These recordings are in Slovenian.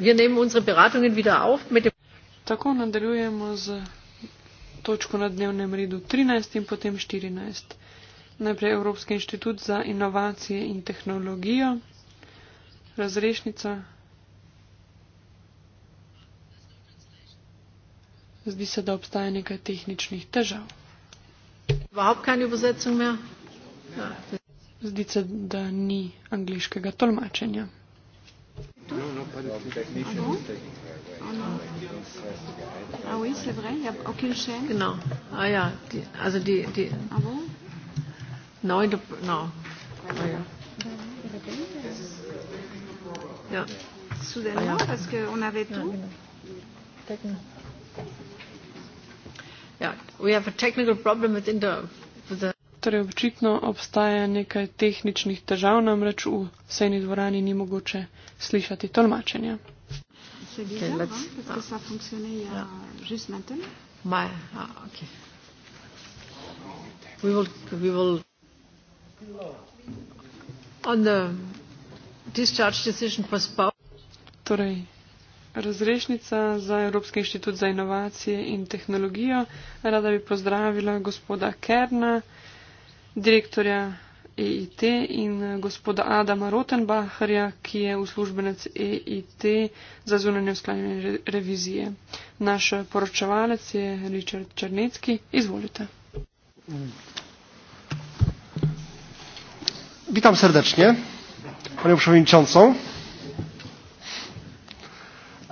Wir nehmen unsere Beratungen wieder auf mit dem Tako nadaljujemo z točko na dnevnem redu 13 in potem 14. Najprej Evropski inštitut za inovacije in tehnologijo. Razrešnica. Zdi se, da obstaja nekaj tehničnih težav. Zdi se, da ni angliškega tolmačenja. Tu Ah oui, c'est vrai, il n'y a aucune chaîne. Non. Ah, ja. die, also die, die ah bon Non, il Non. Ah, ja. ja. Soudainement, ah, ja. parce qu'on avait ja, tout. Ja, genau. Ja, we have a technical problem with inter torej očitno obstaja nekaj tehničnih težav, namreč v sejni dvorani ni mogoče slišati tolmačenja. Torej, razrešnica za Evropski inštitut za inovacije in tehnologijo. Rada bi pozdravila gospoda Kerna direktorja EIT in eh, gospoda Adama Rotenbacherja, ki je uslužbenec EIT za zunanje usklajene revizije. Naš poročevalec je Richard Črnecki. Izvolite. Witam serdecznie panią przewodniczącą.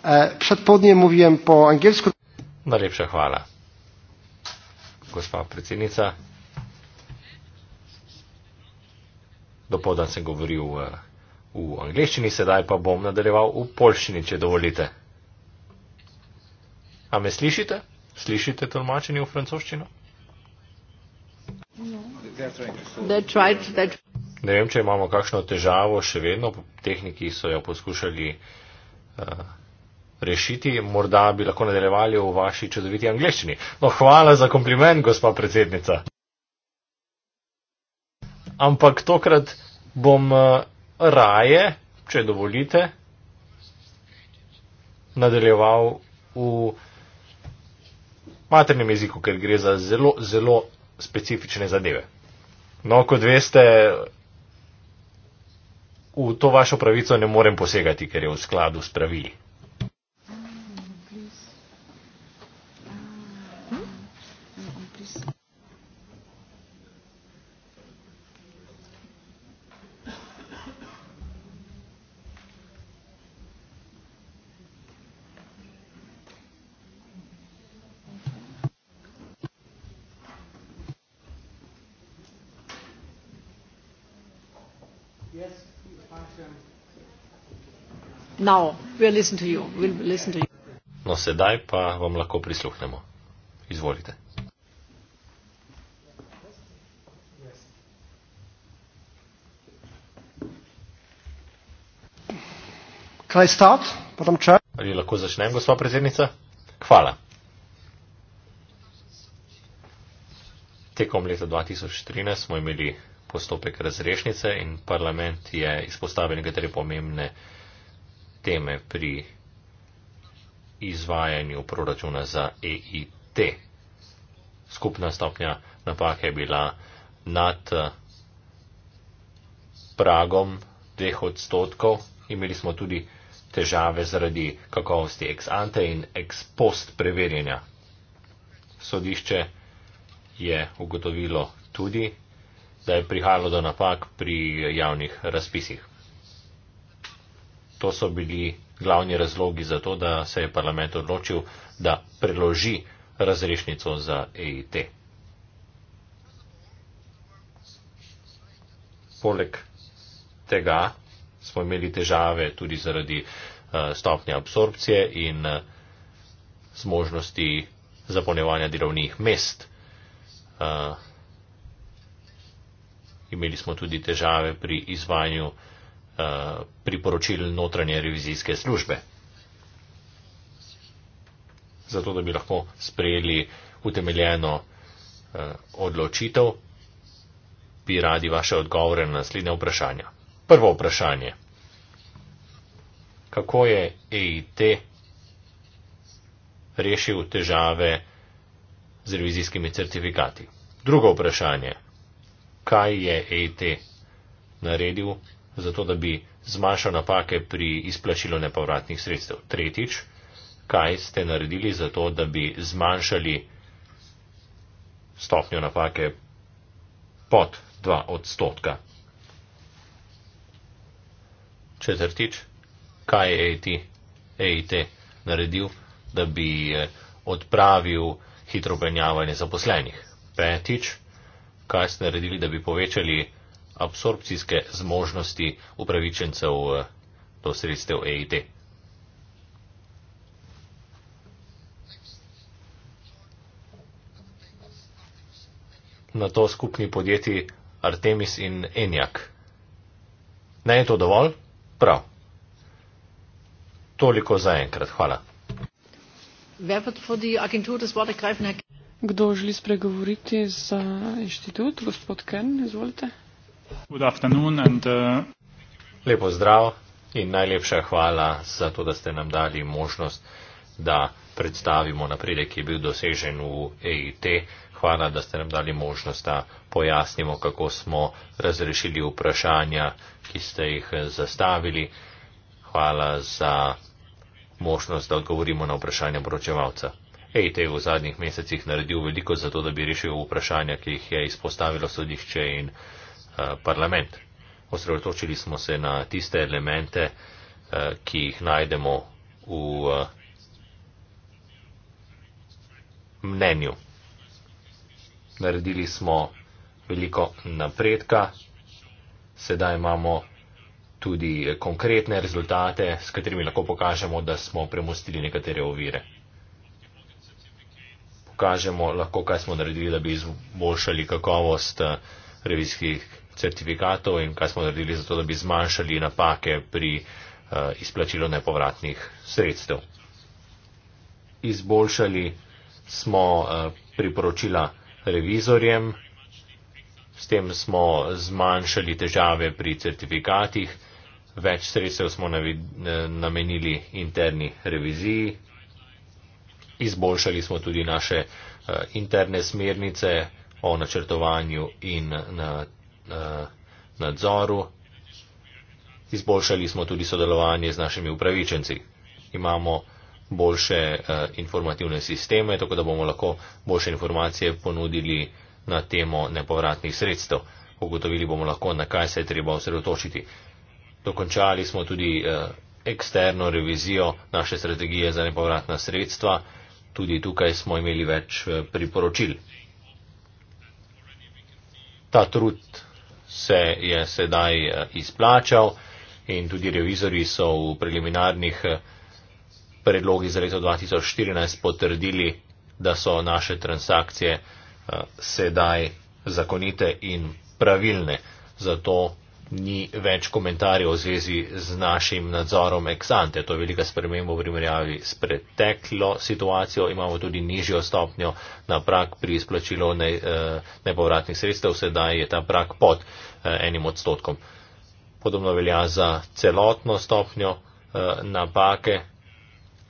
E, przed południem mówiłem po angielsku. Bardzo przechwala. Gospa przewodnicząca, dopoldan sem govoril v, eh, v angleščini, sedaj pa bom nadaljeval v polščini, če dovolite. A me slišite? Slišite tolmačenje v francoščino? Ne vem, če imamo kakšno težavo, še vedno tehniki so jo poskušali uh, rešiti, morda bi lahko nadaljevali v vaši čudoviti angliščini. No, hvala za kompliment, gospa predsednica ampak tokrat bom eh, raje, če dovolite, nadaljeval v maternem jeziku, ker gre za zelo, zelo specifične zadeve. No, kot veste, v to vašo pravico ne morem posegati, ker je v skladu s pravili. Now, we'll no, sedaj pa vam lahko prisluhnemo. Izvolite. Start, Ali lahko začnem, gospa predsednica? Hvala. Tekom leta 2013 smo imeli postopek razrešnice in parlament je izpostavil nekatere pomembne teme pri izvajanju proračuna za EIT. Skupna stopnja napake je bila nad eh, pragom dveh odstotkov. Imeli smo tudi težave zaradi kakovosti ex ante in ex post preverjanja. Sodišče je ugotovilo tudi, da je prihajalo do napak pri javnih razpisih to so bili glavni razlogi za to, da se je parlament odločil, da preloži razrešnico za EIT. Poleg tega smo imeli težave tudi zaradi eh, stopnje absorpcije in eh, zmožnosti zapolnjevanja delovnih mest. Eh, imeli smo tudi težave pri izvajanju Eh, priporočil notranje revizijske službe. Zato, da bi lahko sprejeli utemeljeno eh, odločitev, bi radi vaše odgovore na naslednje vprašanja. Prvo vprašanje. Kako je EIT rešil težave z revizijskimi certifikati? Drugo vprašanje. Kaj je EIT naredil zato da bi zmanjšal napake pri izplačilu nepovratnih sredstev. Tretjič, kaj ste naredili za to, da bi zmanjšali stopnjo napake pod 2 odstotka. Četrtič, kaj je AT, AT naredil, da bi eh, odpravil hitro penjavanje zaposlenih. Petič, kaj ste naredili, da bi povečali absorpcijske zmožnosti upravičencev eh, do sredstev EIT. Na to skupni podjetji Artemis in Enjak. Naj je to dovolj? Prav. Toliko za enkrat. Hvala. Kdo želi spregovoriti za inštitut? Gospod Ken, izvolite. Uh, Lepo zdrav in najlepša hvala za to, da ste nam dali možnost, da predstavimo napredek, ki je bil dosežen v EIT. Hvala, da ste nam dali možnost, da pojasnimo, kako smo razrešili vprašanja, ki ste jih eh, zastavili. Hvala za možnost, da odgovorimo na vprašanja poročevalca. EIT je v zadnjih mesecih naredil veliko za to, da bi rešil vprašanja, ki jih je izpostavilo sodišče in. Eh, parlament. Osredotočili smo se na tiste elemente, eh, ki jih najdemo v eh, mnenju. Naredili smo veliko napredka, sedaj imamo tudi konkretne rezultate, s katerimi lahko pokažemo, da smo premustili nekatere ovire. Pokažemo lahko, kaj smo naredili, da bi izboljšali kakovost revizijskih certifikatov in kaj smo naredili za to, da bi zmanjšali napake pri uh, izplačilu nepovratnih sredstev. Izboljšali smo uh, priporočila revizorjem, s tem smo zmanjšali težave pri certifikatih, več sredstev smo navi, uh, namenili interni reviziji, izboljšali smo tudi naše uh, interne smernice o načrtovanju in na. Uh, Eh, nadzoru. Izboljšali smo tudi sodelovanje z našimi upravičenci. Imamo boljše eh, informativne sisteme, tako da bomo lahko boljše informacije ponudili na temo nepovratnih sredstev. Ugotovili bomo lahko, na kaj se je treba osredotočiti. Dokončali smo tudi eh, eksterno revizijo naše strategije za nepovratna sredstva. Tudi tukaj smo imeli več priporočil. Ta trud se je sedaj eh, izplačal in tudi revizori so v preliminarnih eh, predlogih za leto 2014 potrdili, da so naše transakcije eh, sedaj zakonite in pravilne. Zato ni več komentarjev v zvezi z našim nadzorom eksante. To je velika sprememba v primerjavi s preteklo situacijo. Imamo tudi nižjo stopnjo na prak pri izplačilu ne, eh, nepovratnih sredstev. Sedaj je ta prak pod eh, enim odstotkom. Podobno velja za celotno stopnjo eh, napake,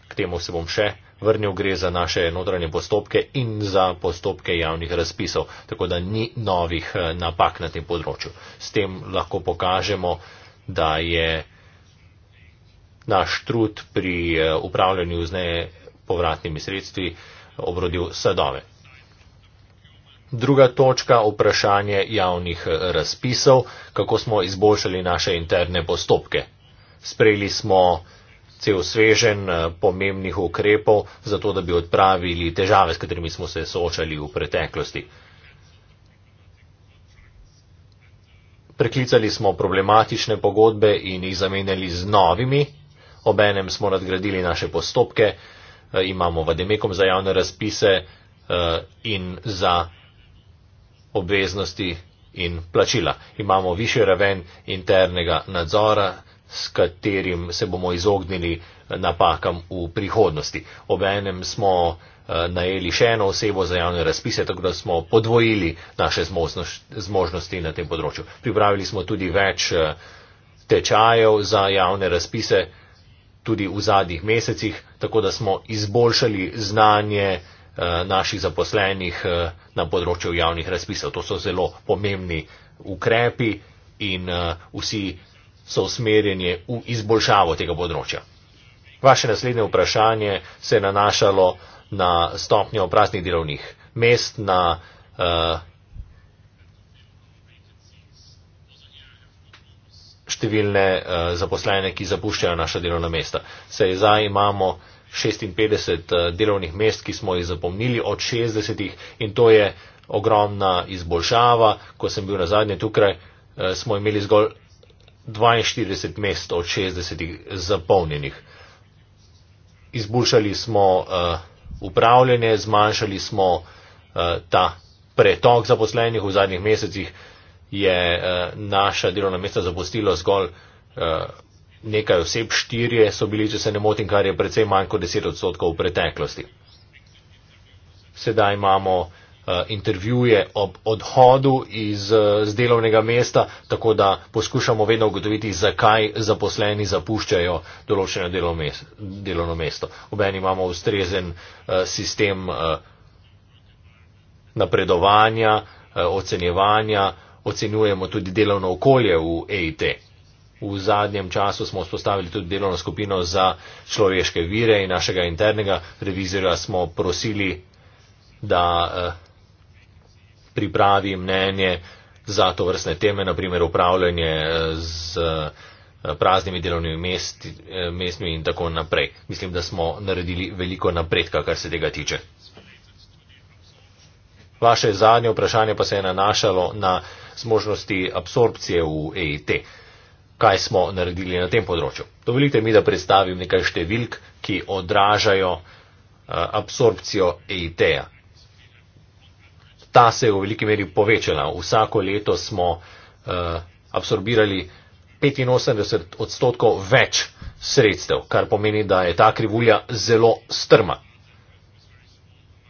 k temu se bom še vrnil, gre za naše notranje postopke in za postopke javnih razpisov, tako da ni novih eh, napak na tem področju. S tem lahko pokažemo, da je naš trud pri eh, upravljanju z nepovratnimi sredstvi obrodil sadove. Druga točka vprašanje javnih eh, razpisov, kako smo izboljšali naše interne postopke. Sprejeli smo cel svežen eh, pomembnih ukrepov, zato da bi odpravili težave, s katerimi smo se soočali v preteklosti. Preklicali smo problematične pogodbe in jih zamenjali z novimi, obenem smo nadgradili naše postopke, eh, imamo vademekom za javne razpise eh, in za obveznosti in plačila. Imamo više raven internega nadzora, s katerim se bomo izognili napakam v prihodnosti. Obenem smo eh, najeli še eno osebo za javne razpise, tako da smo podvojili naše zmožnosti na tem področju. Pripravili smo tudi več eh, tečajev za javne razpise, tudi v zadnjih mesecih, tako da smo izboljšali znanje eh, naših zaposlenih na področju javnih razpisov. To so zelo pomembni ukrepi in vsi so usmerjeni v izboljšavo tega področja. Vaše naslednje vprašanje se je nanašalo na stopnjo praznih delovnih mest, na uh, številne uh, zaposlene, ki zapuščajo naša delovna mesta. Sej zdaj imamo 56 uh, eh, delovnih mest, ki smo jih zapomnili od 60 in to je ogromna izboljšava. Ko sem bil na zadnje tukaj, uh, smo imeli zgolj 42 mest od 60 zapolnjenih. Izboljšali smo uh, upravljanje, zmanjšali smo uh, ta pretok zaposlenih v zadnjih mesecih, je uh, naša delovna mesta zapustilo zgolj uh, nekaj oseb, štirje so bili, če se ne motim, kar je predvsej manj kot 10 odstotkov v preteklosti. Sedaj imamo uh, Eh, intervjuje ob odhodu iz eh, z delovnega mesta, tako da poskušamo vedno ugotoviti, zakaj zaposleni zapuščajo določeno delo mes, delovno mesto. Obenj imamo ustrezen eh, sistem napredovanja, ocenjevanja, ocenjujemo tudi delovno okolje v EIT. V zadnjem času smo vzpostavili tudi delovno skupino za človeške vire in našega internega revizora smo prosili, da eh, pripravi mnenje za to vrstne teme, naprimer upravljanje eh, z eh, praznimi delovnimi mesti, eh, mestmi in tako naprej. Mislim, da smo naredili veliko napredka, kar se tega tiče. Vaše zadnje vprašanje pa se je nanašalo na zmožnosti absorpcije v EIT. Kaj smo naredili na tem področju? Dovolite mi, da predstavim nekaj številk, ki odražajo absorpcijo EIT-ja ta se je v veliki meri povečala. Vsako leto smo uh, absorbirali 85 odstotkov več sredstev, kar pomeni, da je ta krivulja zelo strma.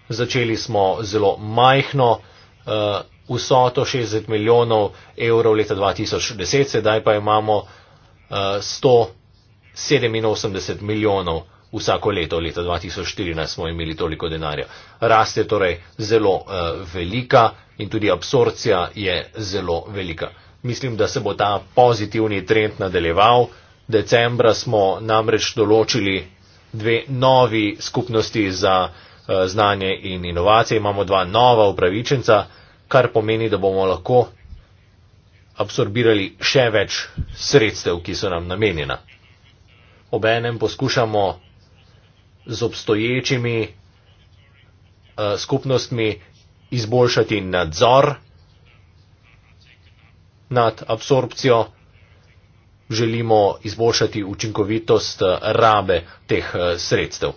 Začeli smo zelo majhno uh, vsoto 60 milijonov evrov leta 2010, sedaj pa imamo uh, eh, 187 milijonov evrov vsako leto, leta 2014 smo imeli toliko denarja. Rast je torej zelo uh, velika in tudi absorpcija je zelo velika. Mislim, da se bo ta pozitivni trend nadaljeval. Decembra smo namreč določili dve novi skupnosti za uh, znanje in inovacije. Imamo dva nova upravičenca, kar pomeni, da bomo lahko absorbirali še več sredstev, ki so nam namenjena. Obenem poskušamo z obstoječimi uh, skupnostmi izboljšati nadzor nad absorpcijo, želimo izboljšati učinkovitost eh, rabe teh eh, sredstev.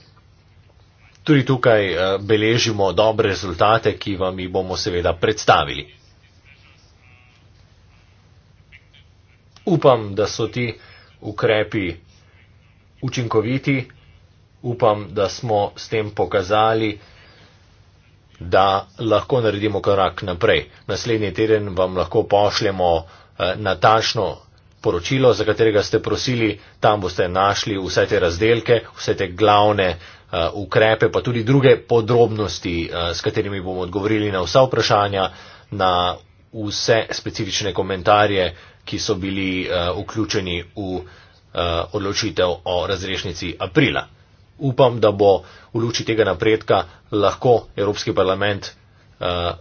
Tudi tukaj beležimo dobre rezultate, ki vam jih bomo seveda predstavili. Upam, da so ti ukrepi učinkoviti upam, da smo s tem pokazali, da lahko naredimo korak naprej. Naslednji teden vam lahko pošljemo eh, natančno poročilo, za katerega ste prosili, tam boste našli vse te razdelke, vse te glavne eh, ukrepe, pa tudi druge podrobnosti, eh, s katerimi bomo odgovorili na vsa vprašanja, na vse specifične komentarje, ki so bili vključeni v odločitev o razrešnici aprila upam, da bo v luči tega napredka lahko Evropski parlament eh,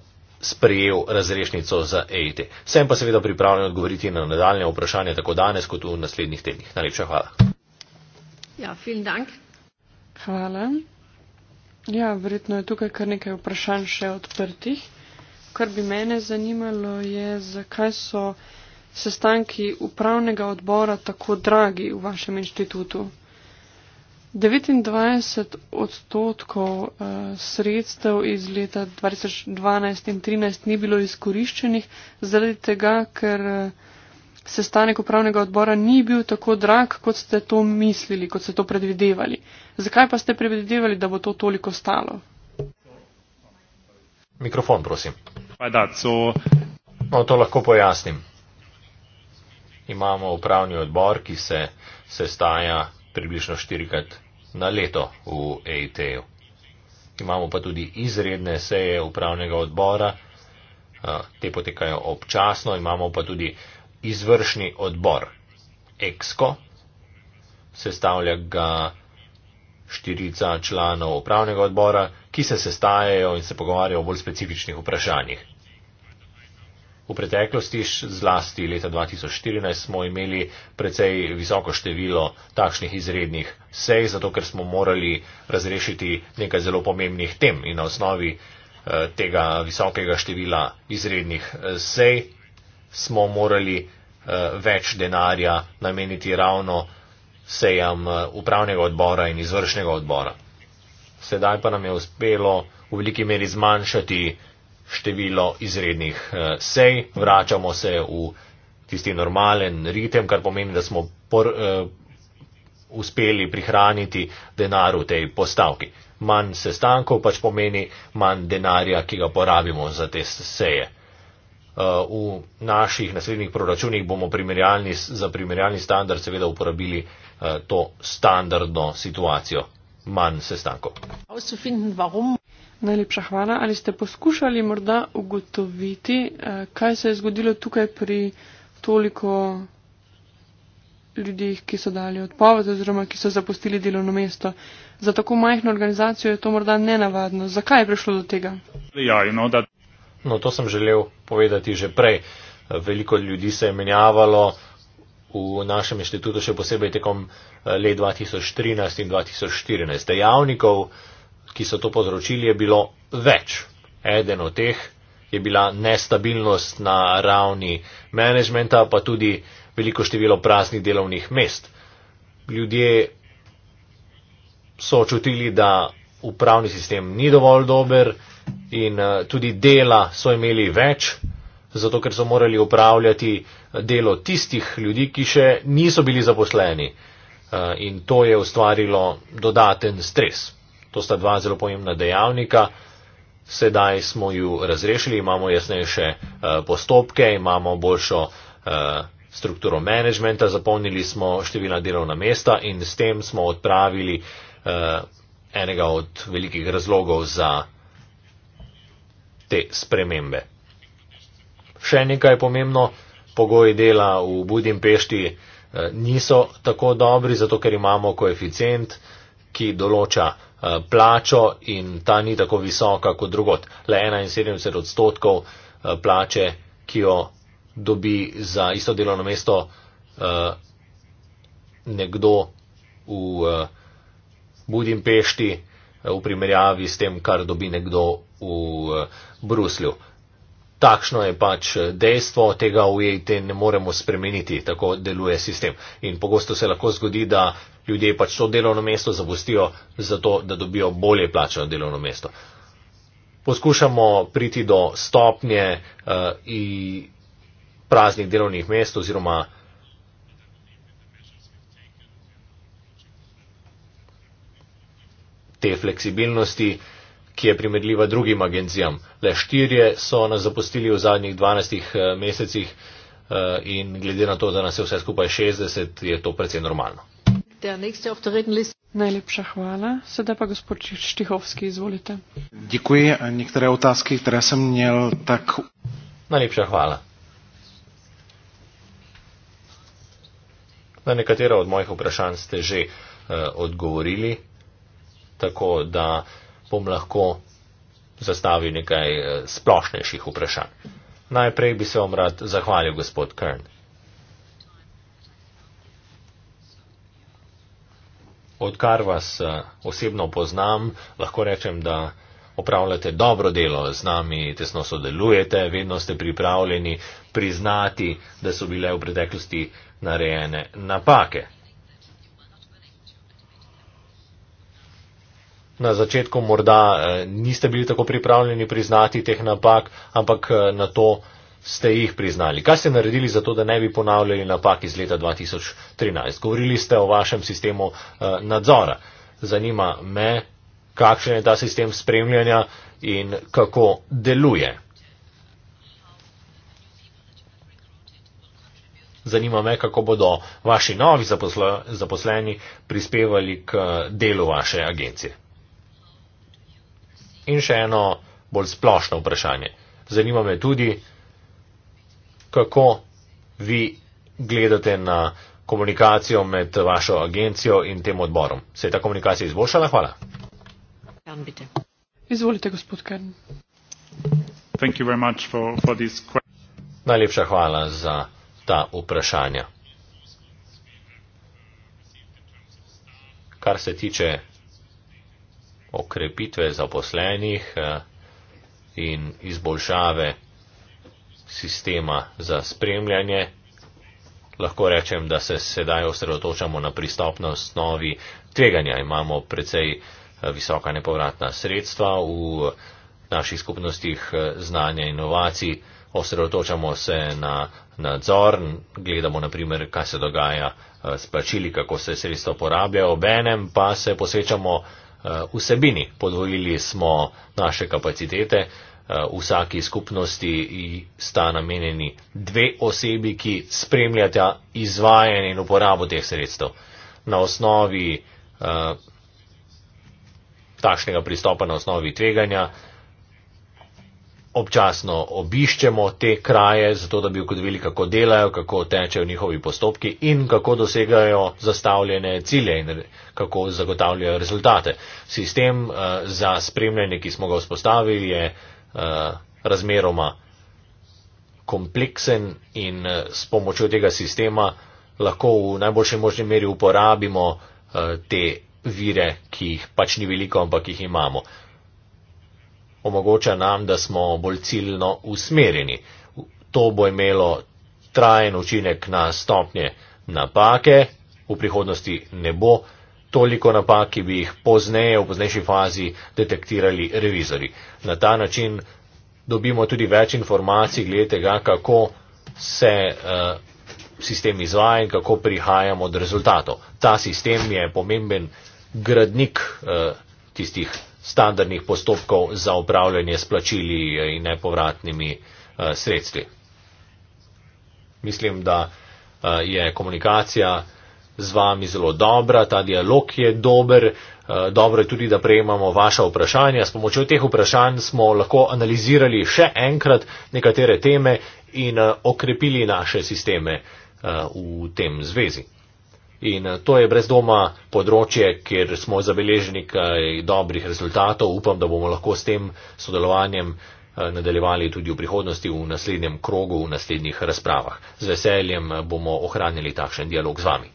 sprejel razrešnico za EIT. Sem pa seveda pripravljen odgovoriti na nadaljne vprašanja, tako danes kot v naslednjih tednih. Najlepša hvala. Ja, dank. Hvala. Ja, verjetno je tukaj kar nekaj vprašanj še odprtih. Kar bi mene zanimalo je, zakaj so sestanki upravnega odbora tako dragi v vašem inštitutu. 29 odstotkov eh, sredstev iz leta 2012 in 2013 ni bilo izkoriščenih zaradi tega, ker eh, sestanek upravnega odbora ni bil tako drag, kot ste to mislili, kot ste to predvidevali. Zakaj pa ste predvidevali, da bo to toliko stalo? Mikrofon, prosim. No, to lahko pojasnim. Imamo upravni odbor, ki se sestaja približno štirikrat na leto v EIT-ju. Imamo pa tudi izredne seje upravnega odbora, te potekajo občasno, imamo pa tudi izvršni odbor EXCO, sestavlja ga štirica članov upravnega odbora, ki se sestajajo in se pogovarjajo o bolj specifičnih vprašanjih. V preteklosti, zlasti leta 2014, smo imeli precej visoko število takšnih izrednih sej, zato ker smo morali razrešiti nekaj zelo pomembnih tem in na osnovi eh, tega visokega števila izrednih eh, sej smo morali eh, več denarja nameniti ravno sejam upravnega odbora in izvršnega odbora. Sedaj pa nam je uspelo v veliki meri zmanjšati število izrednih eh, sej, vračamo se v tisti normalen ritem, kar pomeni, da smo por, uh, uspeli prihraniti denar v tej postavki. Manj sestankov pač pomeni manj denarja, ki ga porabimo za te seje. Eh, v naših naslednjih proračunih bomo primerjalni, za primerjalni standard seveda uporabili to standardno situacijo, manj sestankov. Najlepša hvala. Ali ste poskušali morda ugotoviti, eh, kaj se je zgodilo tukaj pri toliko ljudi, ki so dali odpoved oziroma ki so zapustili delovno mesto. Za tako majhno organizacijo je to morda nenavadno. Zakaj je prišlo do tega? Ja, no, da... no, to sem želel povedati že prej. Veliko ljudi se je menjavalo v našem inštitutu, še posebej tekom eh, let 2013 in 2014. Dejavnikov ki so to povzročili, je bilo več. Eden od teh je bila nestabilnost na ravni menedžmenta, pa tudi veliko število praznih delovnih mest. Ljudje so čutili, da upravni sistem ni dovolj dober in eh, tudi dela so imeli več, zato ker so morali upravljati eh, delo tistih ljudi, ki še niso bili zaposleni. Eh, in to je ustvarilo dodaten stres. To sta dva zelo pomembna dejavnika. Sedaj smo ju razrešili, imamo jasnejše eh, postopke, imamo boljšo eh, strukturo menedžmenta, zapolnili smo števila delovna mesta in s tem smo odpravili eh, enega od velikih razlogov za te spremembe. Še nekaj pomembno, pogoji dela v Budimpešti niso tako dobri, zato ker imamo koeficient ki določa eh, plačo in ta ni tako visoka kot drugot. Le 71 odstotkov eh, plače, ki jo dobi za isto delovno mesto eh, nekdo v Budimpešti v primerjavi s tem, kar dobi nekdo v Bruslju. Takšno je pač dejstvo, tega v EIT ne moremo spremeniti, tako deluje sistem. In pogosto se lahko zgodi, da ljudje pač to delovno mesto zapustijo, zato da dobijo bolje plačeno delovno mesto. Poskušamo priti do stopnje uh, eh, in praznih delovnih mest oziroma te fleksibilnosti, ki je primerljiva drugim agencijam. Le štirje so nas zapustili v zadnjih 12 eh, mesecih eh, in glede na to, da nas je vse skupaj 60, je to precej normalno. Der nächste auf der Rednerliste. Najlepša hvala. Sedaj pa gospod Štihovski, izvolite. Děkuji. Některé otázky, které jsem měl, tak... Najlepša hvala. Na nekatera od mojih vprašanj ste že eh, odgovorili, tako da bom lahko zastavil nekaj eh, splošnejših vprašanj. Najprej bi se vam rad zahvalil, gospod Kern. Eh, odkar vas eh, osebno poznam, lahko rečem, da opravljate dobro delo z nami, tesno sodelujete, vedno ste pripravljeni priznati, da so bile v preteklosti narejene napake. Na začetku morda eh, niste bili tako pripravljeni priznati teh napak, ampak eh, na to, ste jih priznali? Kaj ste naredili za to, da ne bi ponavljali napak iz leta 2013? Govorili ste o vašem sistemu eh, nadzora. Zanima me, kakšen je ta sistem spremljanja in kako deluje. Zanima me, kako bodo vaši novi zaposleni prispevali k delu vaše agencije. In še eno bolj splošno vprašanje. Zanima me tudi, kako vi gledate na komunikacijo med vašo agencijo in tem odborom. Se je ta komunikacija izboljšala? Hvala. Izvolite, gospod Kern. Najlepša hvala za ta vprašanja. Kar se tiče okrepitve zaposlenih eh, in izboljšave sistema za spremljanje. Lahko rečem, da se sedaj osredotočamo na pristopno osnovi tveganja. Imamo precej eh, visoka nepovratna sredstva v eh, naših skupnostih eh, znanja in inovacij. Osredotočamo se na nadzor, gledamo naprimer, kaj se dogaja s plačili, kako se sredstva porablja, obenem pa se posvečamo vsebini. Podvojili smo naše kapacitete, Eh, vsaki skupnosti sta namenjeni dve osebi, ki spremljata izvajanje in uporabo teh sredstev. Na osnovi eh, takšnega pristopa, na osnovi tveganja, občasno obiščemo te kraje, zato da bi ugotovili, kako delajo, kako tečejo njihovi postopki in kako dosegajo zastavljene cilje in kako zagotavljajo rezultate. Sistem eh, za spremljanje, ki smo ga vzpostavili, je Eh, razmeroma kompleksen in eh, s pomočjo tega sistema lahko v najboljši možni meri uporabimo eh, te vire, ki jih pač ni veliko, ampak jih imamo. Omogoča nam, da smo bolj ciljno usmerjeni. To bo imelo trajen učinek na stopnje napake, v prihodnosti ne bo toliko napak, ki bi jih pozneje v poznejši fazi detektirali revizori. Na ta način dobimo tudi več informacij glede tega, kako se uh, sistem izvaja in kako prihajamo do rezultatov. Ta sistem je pomemben gradnik uh, tistih standardnih postopkov za upravljanje s plačili in nepovratnimi uh, sredstvi. Mislim, da uh, je komunikacija z vami zelo dobra, ta dialog je dober, eh, dobro je tudi, da prejemamo vaša vprašanja. S pomočjo teh vprašanj smo lahko analizirali še enkrat nekatere teme in eh, okrepili naše sisteme eh, v tem zvezi. In to je brez doma področje, kjer smo zabeleženi kaj dobrih rezultatov. Upam, da bomo lahko s tem sodelovanjem nadaljevali tudi v prihodnosti v naslednjem krogu, v naslednjih razpravah. Z veseljem bomo ohranili takšen dialog z vami.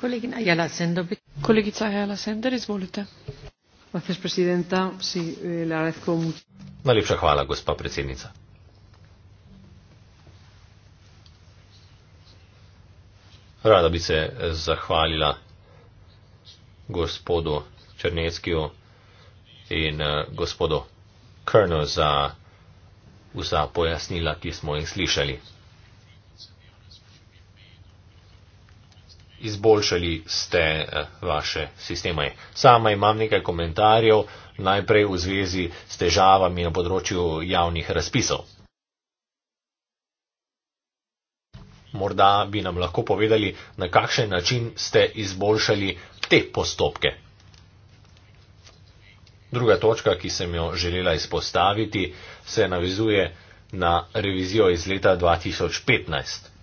Kolegica Jela Sender, izvolite. Eh, Najlepša hvala, gospa predsednica. Rada bi se zahvalila gospodu Črneckiju in eh, gospodu Krnu za vsa pojasnila, ki smo jih slišali. izboljšali ste eh, vaše sisteme. Sama imam nekaj komentarjev, najprej v zvezi s težavami na področju javnih razpisov. Morda bi nam lahko povedali, na kakšen način ste izboljšali te postopke. Druga točka, ki sem jo želela izpostaviti, se navizuje na revizijo iz leta 2015.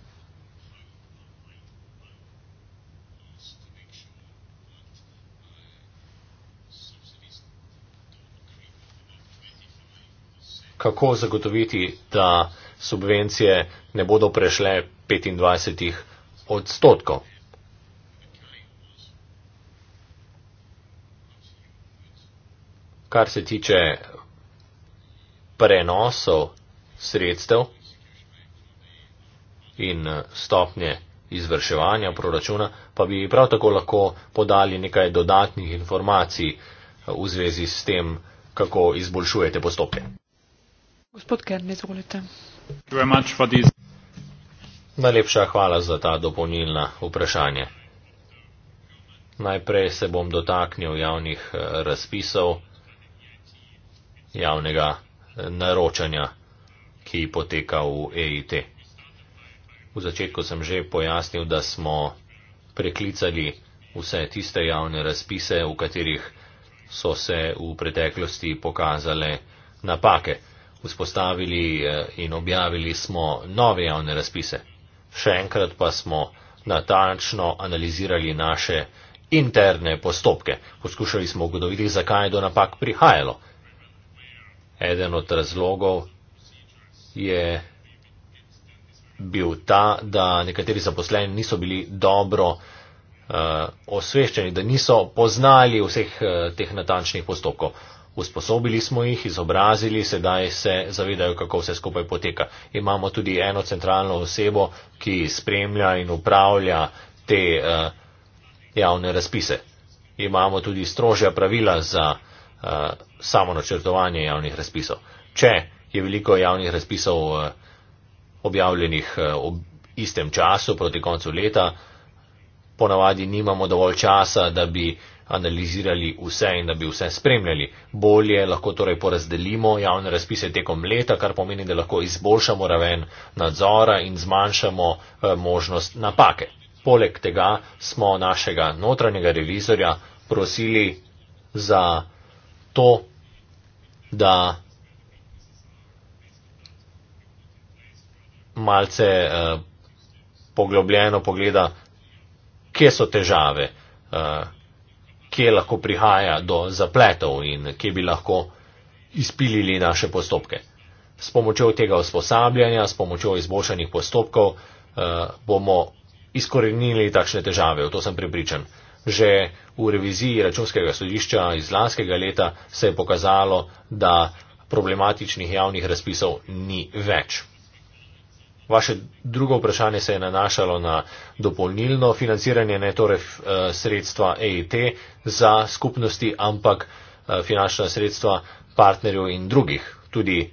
kako zagotoviti, da subvencije ne bodo prešle 25 odstotkov. Kar se tiče prenosov sredstev in eh, stopnje izvrševanja proračuna, pa bi prav tako lahko podali nekaj dodatnih informacij eh, v zvezi s tem, kako izboljšujete postopke. Gospod Kern, izvolite. Najlepša hvala za ta dopolnilna vprašanje. Najprej se bom dotaknil javnih eh, razpisov, javnega eh, naročanja, ki poteka v EIT. V začetku sem že pojasnil, da smo preklicali vse tiste javne razpise, v katerih so se v preteklosti pokazale napake vzpostavili eh, in objavili smo nove javne razpise. Še enkrat pa smo natančno analizirali naše interne postopke. Poskušali smo ugotoviti, zakaj je do napak prihajalo. Eden od razlogov je bil ta, da nekateri zaposleni niso bili dobro uh, osveščeni, da niso poznali vseh uh, teh natančnih postopkov usposobili smo jih, izobrazili, sedaj se zavedajo, kako vse skupaj poteka. Imamo tudi eno centralno osebo, ki spremlja in upravlja te uh, javne razpise. Imamo tudi strožja pravila za uh, samo načrtovanje javnih razpisov. Če je veliko javnih razpisov uh, objavljenih uh, ob istem času proti koncu leta, ponavadi nimamo dovolj časa, da bi uh, analizirali vse in da bi vse spremljali. Bolje lahko torej porazdelimo javne razpise tekom leta, kar pomeni, da lahko izboljšamo raven nadzora in zmanjšamo eh, možnost napake. Poleg tega smo našega notranjega revizorja prosili za to, da malce eh, poglobljeno pogleda, kje so težave, eh, kje lahko prihaja do zapletov in kje bi lahko izpilili naše postopke. S pomočjo tega usposabljanja, s pomočjo izboljšanih postopkov eh, bomo izkorenili takšne težave, o to sem prepričan. Že v reviziji računskega sodišča iz lanskega leta se je pokazalo, da problematičnih javnih razpisov ni več. Vaše drugo vprašanje se je nanašalo na dopolnilno financiranje, ne torej eh, sredstva EIT za skupnosti, ampak eh, finančna sredstva partnerjev in drugih. Tudi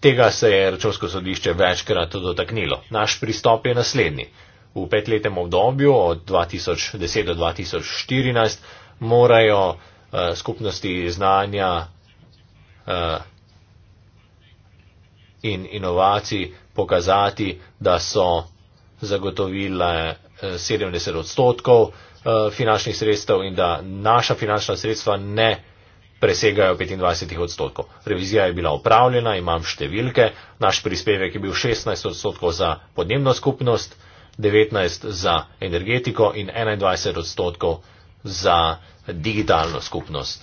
tega se je računsko sodišče večkrat dotaknilo. Naš pristop je naslednji. V petletnem obdobju od 2010 do 2014 morajo eh, skupnosti znanja in inovacij pokazati, da so zagotovile 70 eh, odstotkov eh, finančnih sredstev in da naša finančna sredstva ne presegajo 25 odstotkov. Revizija je bila upravljena, imam številke, naš prispevek je bil 16 odstotkov za podnebno skupnost, 19 za energetiko in 21 odstotkov za digitalno skupnost.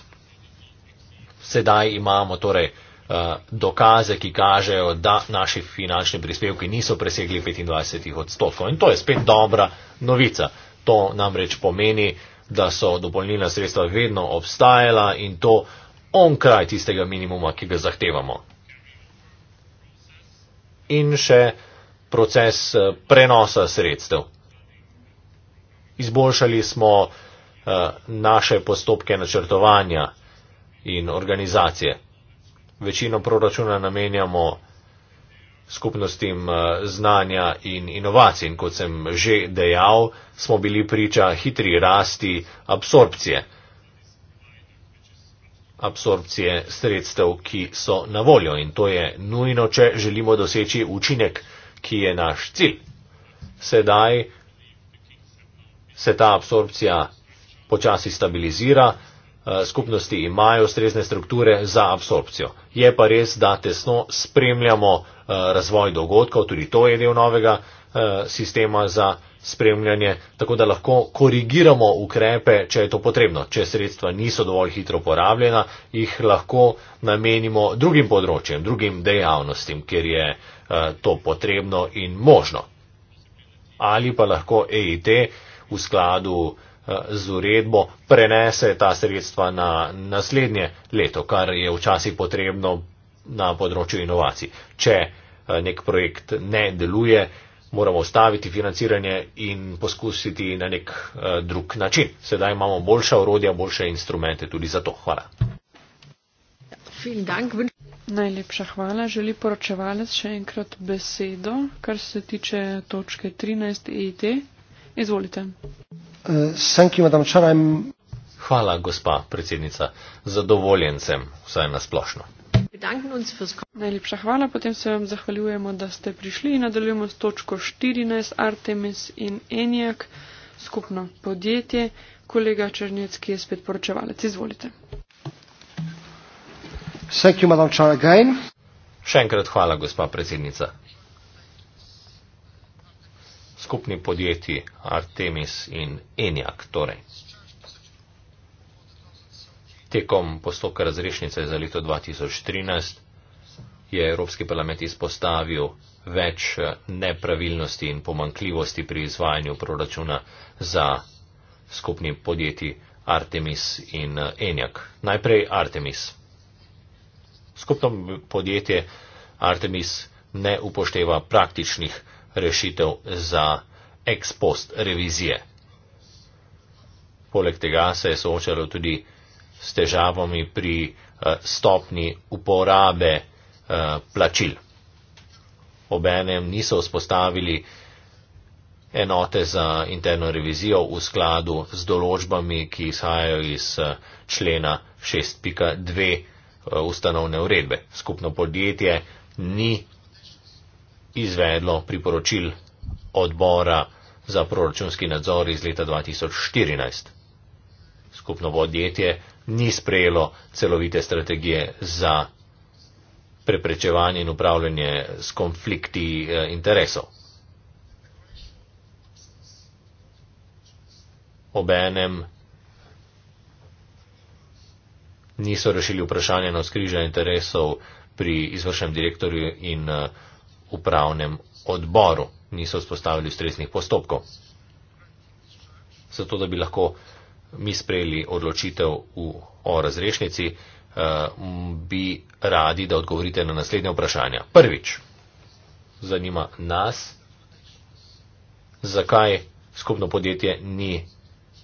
Sedaj imamo torej Eh, dokaze, ki kažejo, da naši finančni prispevki niso presegli 25 odstotkov. In to je spet dobra novica. To namreč pomeni, da so dopolnilna sredstva vedno obstajala in to onkraj tistega minimuma, ki ga zahtevamo. In še proces eh, prenosa sredstev. Izboljšali smo eh, naše postopke načrtovanja in organizacije večino proračuna namenjamo skupnostim eh, znanja in inovacij. In kot sem že dejal, smo bili priča hitri rasti absorpcije. Absorpcije sredstev, ki so na voljo. In to je nujno, če želimo doseči učinek, ki je naš cilj. Sedaj se ta absorpcija počasi stabilizira, Eh, skupnosti imajo ustrezne strukture za absorpcijo. Je pa res, da tesno spremljamo eh, razvoj dogodkov, tudi to je del novega eh, sistema za spremljanje, tako da lahko korigiramo ukrepe, če je to potrebno. Če sredstva niso dovolj hitro uporabljena, jih lahko namenimo drugim področjem, drugim dejavnostim, kjer je to potrebno in možno. Ali pa lahko EIT v skladu Eh, z uredbo prenese ta sredstva na naslednje leto, kar je včasih potrebno na področju inovacij. Če eh, nek projekt ne deluje, moramo ustaviti financiranje in poskusiti na nek eh, drug način. Sedaj imamo boljša urodja, boljše instrumente tudi za to. Hvala. Najlepša hvala. Želi poročevalec še enkrat besedo, kar se tiče točke 13 e IT. Izvolite. Uh, hvala, gospa predsednica. Zadovoljen sem, vsaj na splošno. Najlepša hvala, potem se vam zahvaljujemo, da ste prišli in nadaljujemo s točko 14 Artemis in Enijak, skupno podjetje. Kolega Črnec, ki je spet poročevalec, izvolite. Thank you, Madam Chair again. Še enkrat hvala, gospa predsednica skupni podjetji Artemis in Enjak. Torej. Tekom postopka razrešnice za leto 2013 je Evropski parlament izpostavil več eh, nepravilnosti in pomankljivosti pri izvajanju proračuna za skupni podjetji Artemis in eh, Enjak. Najprej Artemis. Skupno podjetje Artemis ne upošteva praktičnih rešitev za ex post revizije. Poleg tega se je soočalo tudi s težavami pri eh, stopni uporabe eh, plačil. Obenem niso vzpostavili enote za interno revizijo v skladu z določbami, ki izhajajo iz eh, člena 6.2 ustanovne uredbe. Skupno podjetje ni izvedlo priporočil odbora za proračunski nadzor iz leta 2014. Skupno podjetje ni sprejelo celovite strategije za preprečevanje in upravljanje s konflikti eh, interesov. Obenem niso rešili vprašanja na skrižanje interesov pri izvršnem direktorju in uh, upravnem odboru niso spostavili ustreznih postopkov. Zato, da bi lahko mi sprejeli odločitev v, o razrešnici, eh, bi radi, da odgovorite na naslednje vprašanje. Prvič, zanima nas, zakaj skupno podjetje ni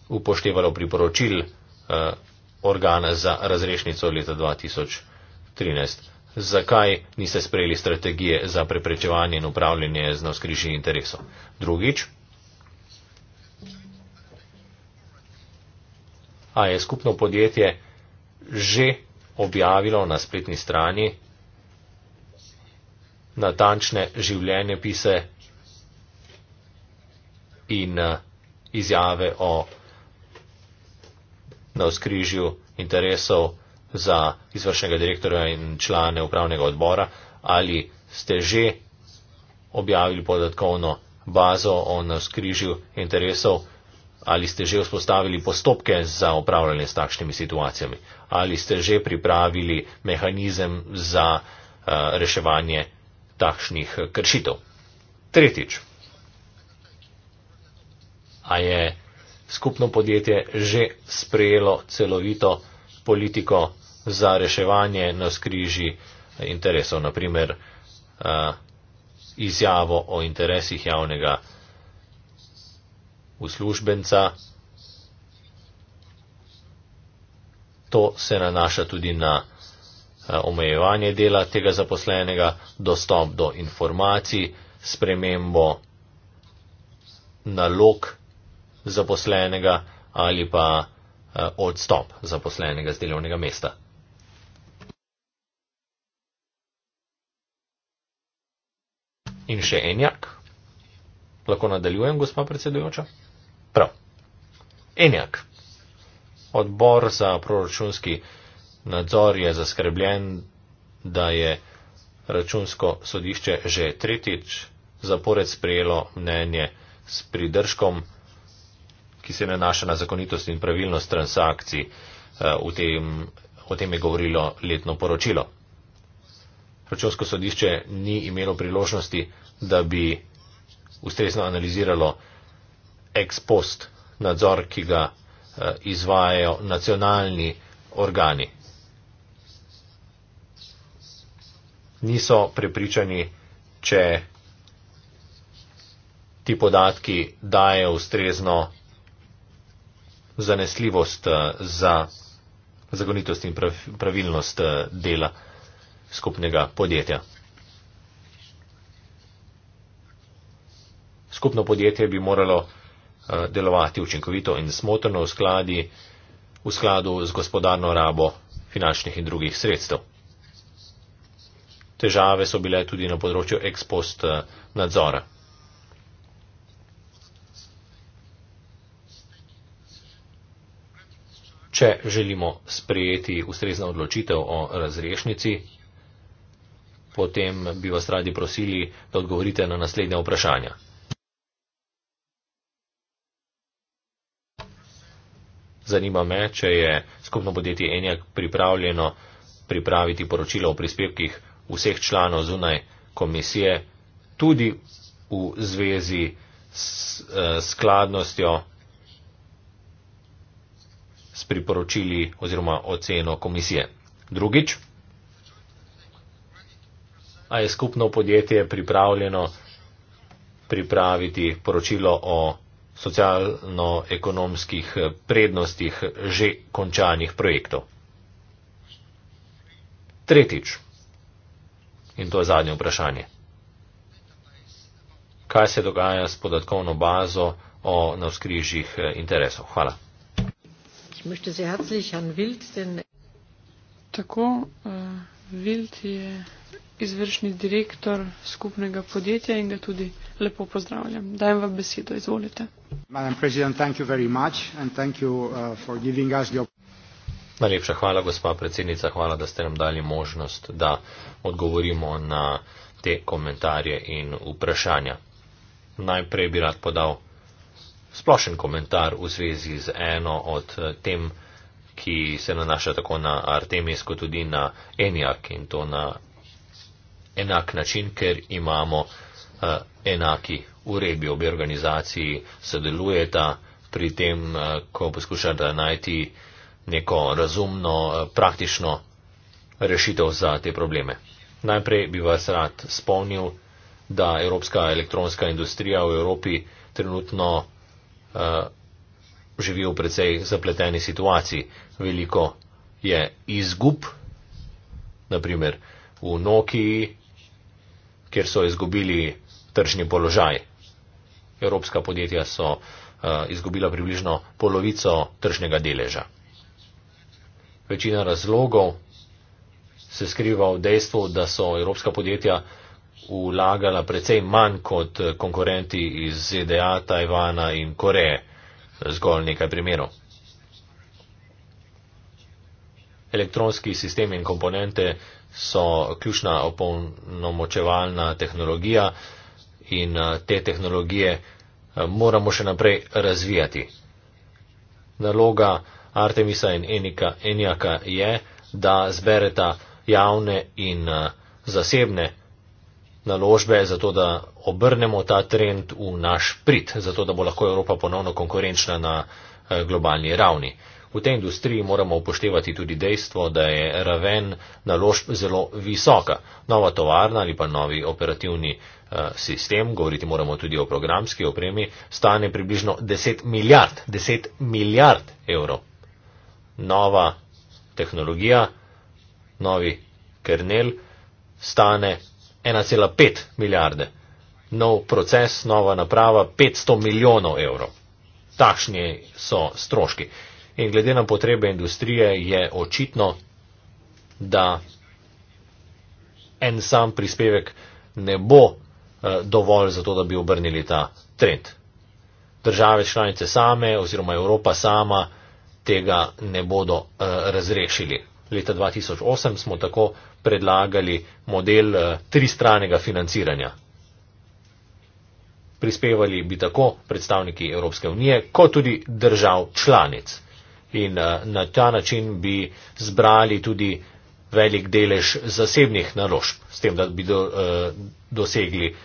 upoštevalo priporočil eh, organa za razrešnico leta 2013 zakaj niste sprejeli strategije za preprečevanje in upravljanje z navskrižnim interesom. Drugič, a je skupno podjetje že objavilo na spletni strani natančne življenje pise in eh, izjave o navskrižju interesov za izvršnega direktorja in člane upravnega odbora, ali ste že objavili podatkovno bazo o naskrižju interesov, ali ste že vzpostavili postopke za upravljanje s takšnimi situacijami, ali ste že pripravili mehanizem za uh, reševanje takšnih kršitev. Tretjič. A je skupno podjetje že sprejelo celovito politiko za reševanje na skriži interesov, naprimer izjavo o interesih javnega uslužbenca. To se nanaša tudi na omejevanje dela tega zaposlenega, dostop do informacij, spremembo nalog zaposlenega ali pa Eh, odstop zaposlenega z delovnega mesta. In še en jak. Lahko nadaljujem, gospa predsedujoča? Prav. En jak. Odbor za proračunski nadzor je zaskrbljen, da je računsko sodišče že tretjič zapored sprejelo mnenje s pridržkom ki se nanaša na zakonitost in pravilnost transakcij. Eh, v tem, o tem je govorilo letno poročilo. Računsko sodišče ni imelo priložnosti, da bi ustrezno analiziralo ex post nadzor, ki ga eh, izvajajo nacionalni organi. Niso prepričani, če ti podatki dajo ustrezno zanesljivost, eh, za zagonitost in pravilnost eh, dela skupnega podjetja. Skupno podjetje bi moralo eh, delovati učinkovito in smotrno v, skladi, v skladu z gospodarno rabo finančnih in drugih sredstev. Težave so bile tudi na področju ex post nadzora. če želimo sprejeti ustrezno odločitev o razrešnici, potem bi vas radi prosili, da odgovorite na naslednja vprašanja. Zanima me, če je skupno podjetje Enjak pripravljeno pripraviti poročilo o prispevkih vseh članov zunaj komisije, tudi v zvezi s eh, skladnostjo s priporočili oziroma oceno komisije. Drugič, a je skupno podjetje pripravljeno pripraviti poročilo o socialno-ekonomskih prednostih že končanih projektov. Tretjič, in to je zadnje vprašanje, kaj se dogaja s podatkovno bazo o navskrižjih interesov? Hvala. Ich möchte sehr herzlich Herrn Wild den. Tako, uh, Wild je izvršni direktor skupnega podjetja in ga tudi lepo pozdravljam. Dajem vam besedo, izvolite. Eh, Najlepša hvala, gospa predsednica, hvala, da ste nam dali možnost, da odgovorimo na te komentarje in vprašanja. Najprej bi rad podal splošen komentar v zvezi z eno od eh, tem, ki se nanaša tako na Artemis, kot tudi na Enjak in to na enak način, ker imamo uh, enaki urebi, obi organizaciji sodelujeta pri tem, uh, ko poskušata najti neko razumno, uh, praktično rešitev za te probleme. Najprej bi vas rad spomnil, da evropska elektronska industrija v Evropi trenutno Eh, živi v precej zapleteni situaciji. Veliko je izgub, naprimer v Nokiji, kjer so izgubili tržni položaj. Evropska podjetja so uh, izgubila približno polovico tržnega deleža. Večina razlogov se skriva v dejstvu, da so evropska podjetja uh, vlagala precej manj kot eh, konkurenti iz ZDA, Tajvana in Koreje. Zgolj nekaj primerov. Elektronski sistemi in komponente so ključna opolnomočevalna tehnologija in eh, te tehnologije eh, moramo še naprej razvijati. Naloga Artemisa in Enika, Enjaka je, da zbereta javne in zasebne naložbe, zato da obrnemo ta trend v naš prid, zato da bo lahko Evropa ponovno konkurenčna na eh, globalni ravni. V tej industriji moramo upoštevati tudi dejstvo, da je raven naložb zelo visoka. Nova tovarna ali pa novi operativni eh, sistem, govoriti moramo tudi o programski opremi, stane približno 10 milijard, 10 milijard evrov. Nova tehnologija, novi kernel stane 1,5 milijarde. Nov proces, nova naprava, 500 milijonov evrov. Takšni so stroški. In glede na potrebe industrije je očitno, da en sam prispevek ne bo eh, dovolj za to, da bi obrnili ta trend. Države članice same oziroma Evropa sama tega ne bodo uh, razrešili. Leta 2008 smo tako predlagali model eh, tristranega financiranja. Prispevali bi tako predstavniki Evropske unije, kot tudi držav članic. In eh, na ta način bi zbrali tudi velik delež zasebnih naložb, s tem, da bi do, eh, dosegli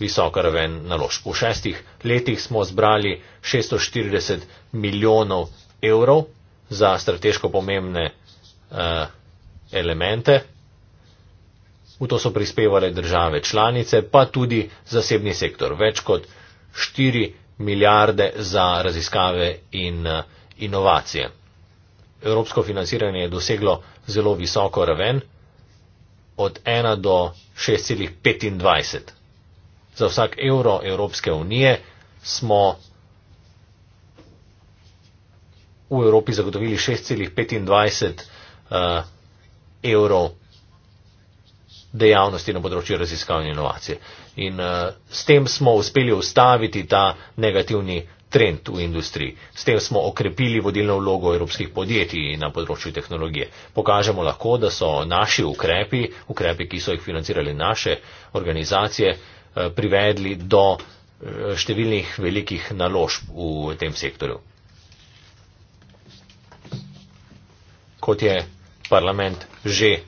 visoka raven naložb. V šestih letih smo zbrali 640 milijonov evrov za strateško pomembne uh, elemente. V to so prispevale države članice, pa tudi zasebni sektor. Več kot 4 milijarde za raziskave in uh, inovacije. Evropsko financiranje je doseglo zelo visoko raven, od 1 do 6,25. Za vsak evro Evropske unije smo v Evropi zagotovili 6,25 eh, evrov dejavnosti na področju raziskav in inovacije. In eh, s tem smo uspeli ustaviti ta negativni trend v industriji. S tem smo okrepili vodilno vlogo evropskih podjetij na področju tehnologije. Pokažemo lahko, da so naši ukrepi, ukrepi, ki so jih financirali naše organizacije, eh, privedli do številnih velikih naložb v tem sektorju. kot je parlament že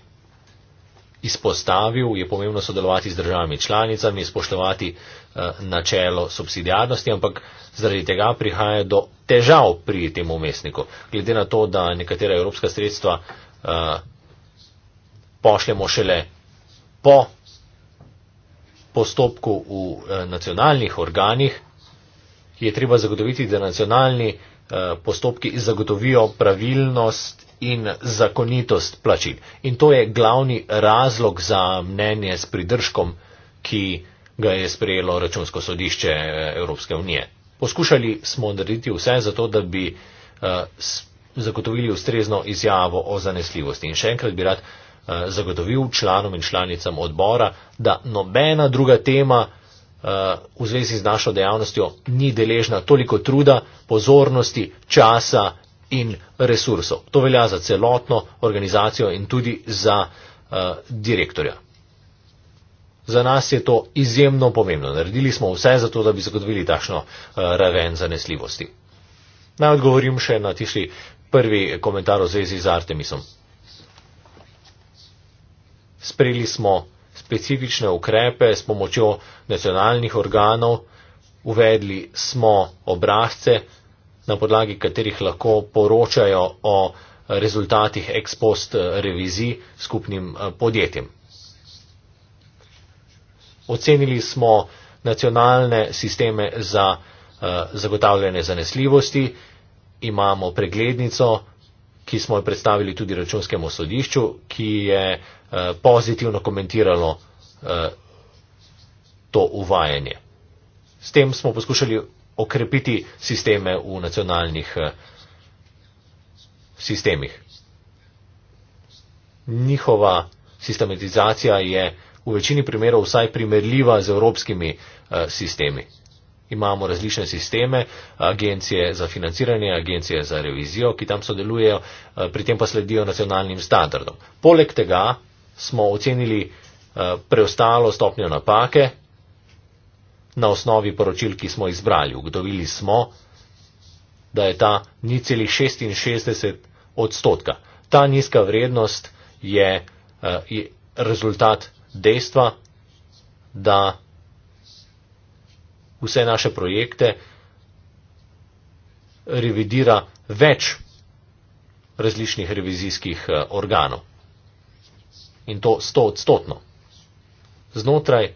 izpostavil, je pomembno sodelovati z državami članicami, spoštovati eh, načelo subsidijarnosti, ampak zaradi tega prihaja do težav pri tem umestniku. Glede na to, da nekatera evropska sredstva eh, pošljemo šele po postopku v eh, nacionalnih organih, je treba zagotoviti, da nacionalni postopki zagotovijo pravilnost in zakonitost plačil. In to je glavni razlog za mnenje s pridržkom, ki ga je sprejelo Računsko sodišče eh, Evropske unije. Poskušali smo narediti vse zato, da bi uh, zagotovili ustrezno izjavo o zanesljivosti. In še enkrat bi rad uh, zagotovil članom in članicam odbora, da nobena druga tema uh, v zvezi z našo dejavnostjo ni deležna toliko truda, pozornosti, časa, in resursov. To velja za celotno organizacijo in tudi za uh, direktorja. Za nas je to izjemno pomembno. Naredili smo vse za to, da bi zagotovili takšno uh, raven zanesljivosti. Naj odgovorim še na tisti prvi komentar o zvezi z Artemisom. Sprejeli smo specifične ukrepe s pomočjo nacionalnih organov, uvedli smo obrazce, na podlagi katerih lahko poročajo o rezultatih ex post eh, revizij skupnim eh, podjetjem. Ocenili smo nacionalne sisteme za eh, zagotavljanje zanesljivosti, imamo preglednico, ki smo jo predstavili tudi računskemu sodišču, ki je pozitivno komentiralo to uvajanje. S tem smo poskušali okrepiti sisteme v nacionalnih eh, sistemih. Njihova sistematizacija je v večini primerov vsaj primerljiva z evropskimi eh, sistemi. Imamo različne sisteme, agencije za financiranje, agencije za revizijo, ki tam sodelujejo, eh, pri tem pa sledijo nacionalnim standardom. Poleg tega smo ocenili preostalo stopnjo napake Na osnovi poročil, ki smo izbrali, ugotovili smo, da je ta 0,66 odstotka. Ta nizka vrednost je, eh, je rezultat dejstva, da vse naše projekte revidira več različnih revizijskih eh, organov. In to 100 odstotno. Znotraj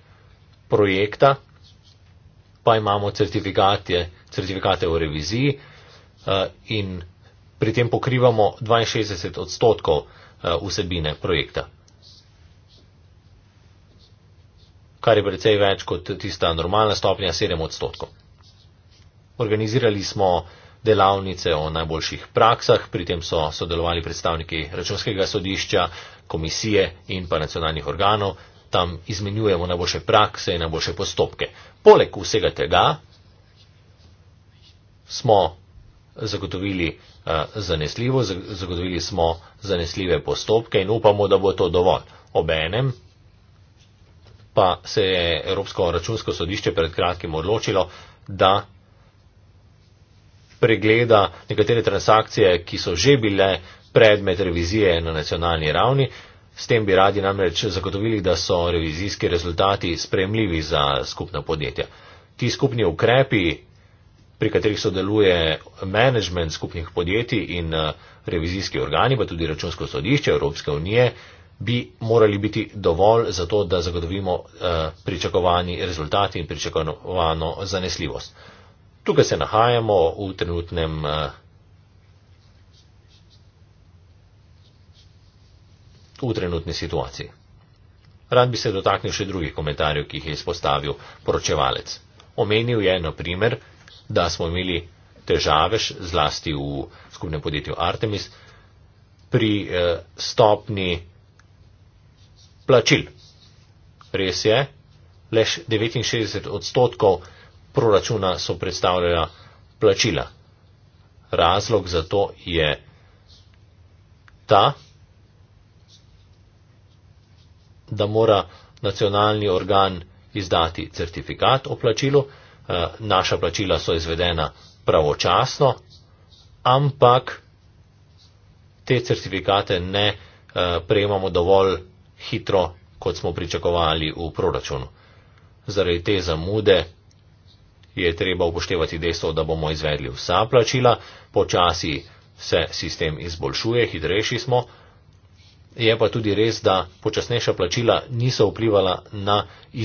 projekta pa imamo certifikate, certifikate o reviziji eh, in pri tem pokrivamo 62 odstotkov eh, vsebine projekta. kar je precej več kot tista normalna stopnja 7 odstotkov. Organizirali smo delavnice o najboljših praksah, pri tem so sodelovali predstavniki računskega sodišča, komisije in pa nacionalnih organov, tam izmenjujemo najboljše prakse in najboljše postopke. Poleg vsega tega smo zagotovili eh, zanesljivo, zagotovili smo zanesljive postopke in upamo, da bo to dovolj. Obenem pa se je Evropsko računsko sodišče pred kratkim odločilo, da pregleda nekatere transakcije, ki so že bile predmet revizije na nacionalni ravni, S tem bi radi namreč zagotovili, da so revizijski rezultati spremljivi za skupna podjetja. Ti skupni ukrepi, pri katerih sodeluje management skupnih podjetij in eh, revizijski organi, pa tudi računsko sodišče Evropske unije, bi morali biti dovolj za to, da zagotovimo eh, pričakovani rezultati in pričakovano zanesljivost. Tukaj se nahajamo v trenutnem eh, v trenutni situaciji. Rad bi se dotaknil še drugih komentarjev, ki jih je izpostavil poročevalec. Omenil je, na primer, da smo imeli težave zlasti v skupnem podjetju Artemis pri eh, stopni plačil. Res je, lež 69 odstotkov proračuna so predstavljala plačila. Razlog za to je ta, da mora nacionalni organ izdati certifikat o plačilu, eh, naša plačila so izvedena pravočasno, ampak te certifikate ne eh, prejemamo dovolj hitro, kot smo pričakovali v proračunu. Zaradi te zamude je treba upoštevati dejstvo, da bomo izvedli vsa plačila, počasi se sistem izboljšuje, hitrejši smo, Je pa tudi res, da počasnejša plačila niso vplivala na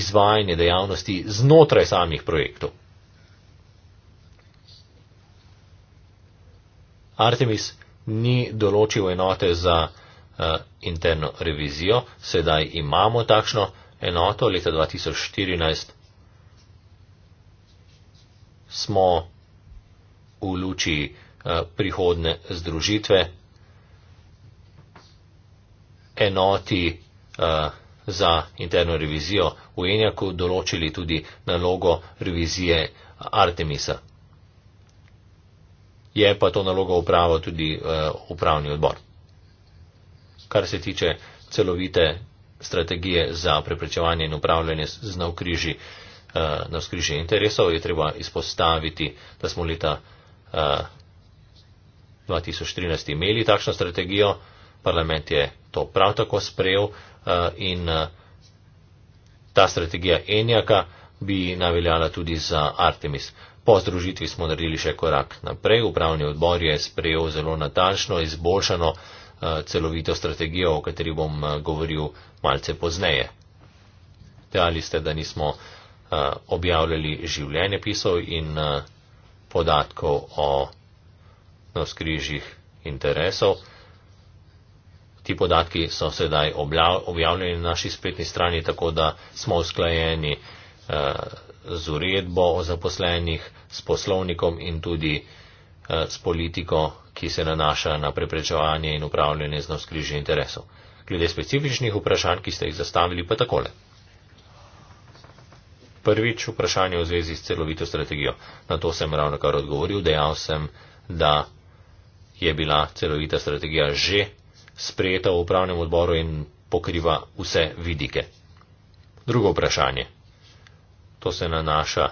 izvajanje dejavnosti znotraj samih projektov. Artemis ni določil enote za uh, interno revizijo, sedaj imamo takšno enoto, leta 2014 smo v luči uh, prihodne združitve enoti eh, za interno revizijo v Enjaku določili tudi nalogo revizije Artemisa. Je pa to nalogo upravo tudi eh, upravni odbor. Kar se tiče celovite strategije za preprečevanje in upravljanje z navkriži, eh, navkriži interesov, je treba izpostaviti, da smo leta 2013 imeli takšno strategijo, parlament je to prav tako sprejel eh, in eh, ta strategija Enjaka bi naveljala tudi za Artemis. Po združitvi smo naredili še korak naprej. Upravni odbor je sprejel zelo natančno izboljšano eh, celovito strategijo, o kateri bom govoril malce pozneje. Dejali ste, da nismo objavljali življenjepisov in podatkov o navskrižjih interesov ti podatki so sedaj objavljeni na naši spletni strani, tako da smo usklajeni eh, z uredbo o zaposlenih, s poslovnikom in tudi eh, s politiko, ki se nanaša na preprečevanje in upravljanje z navskrižnih interesov. Glede specifičnih vprašanj, ki ste jih zastavili, pa takole. Prvič vprašanje v zvezi s celovito strategijo. Na to sem ravno kar odgovoril. Dejal sem, da je bila celovita strategija že sprejeta v upravnem odboru in pokriva vse vidike. Drugo vprašanje. To se nanaša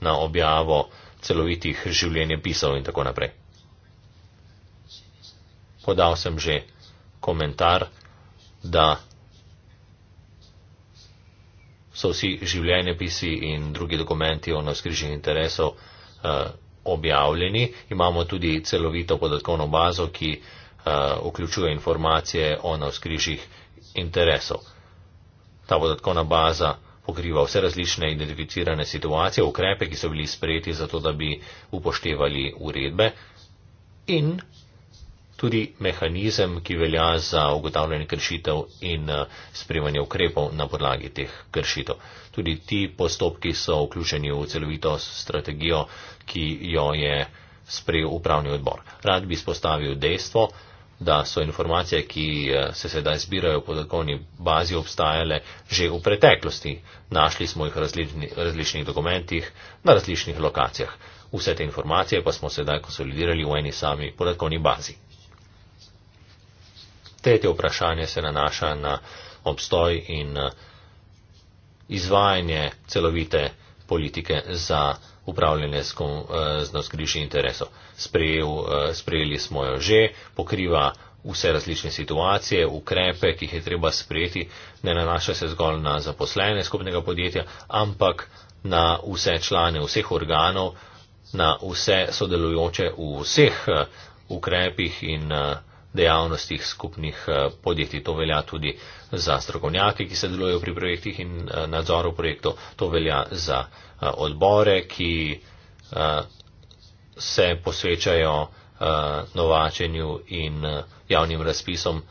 na objavo celovitih življenjepisov in tako naprej. Podal sem že komentar, da so vsi življenjepisi in drugi dokumenti o navskrižnih interesov uh, objavljeni. Imamo tudi celovito podatkovno bazo, ki uh, Eh, vključuje informacije o navskrižjih interesov. Ta podatkovna baza pokriva vse različne identificirane situacije, ukrepe, ki so bili sprejeti za to, da bi upoštevali uredbe in tudi mehanizem, ki velja za ugotavljanje kršitev in eh, sprejemanje ukrepov na podlagi teh kršitev. Tudi ti postopki so vključeni v celovito strategijo, ki jo je sprejel upravni odbor. Rad bi spostavil dejstvo, da so informacije, ki eh, se sedaj zbirajo v podatkovni bazi, obstajale že v preteklosti. Našli smo jih v različni, različnih dokumentih na različnih lokacijah. Vse te informacije pa smo sedaj konsolidirali v eni sami podatkovni bazi. Tretje vprašanje se nanaša na obstoj in eh, izvajanje celovite politike za upravljanje eh, z, z navzkrižjih interesov. Sprejel, eh, sprejeli smo jo že, pokriva vse različne situacije, ukrepe, ki jih je treba sprejeti, ne nanaša se zgolj na zaposlene skupnega podjetja, ampak na vse člane vseh organov, na vse sodelujoče v vseh eh, ukrepih in dejavnostih skupnih podjetij. To velja tudi za strokovnjake, ki se delujejo pri projektih in nadzoru projektov, to velja za Eh, odbore, ki eh, se posvečajo eh, novačenju in javnim razpisom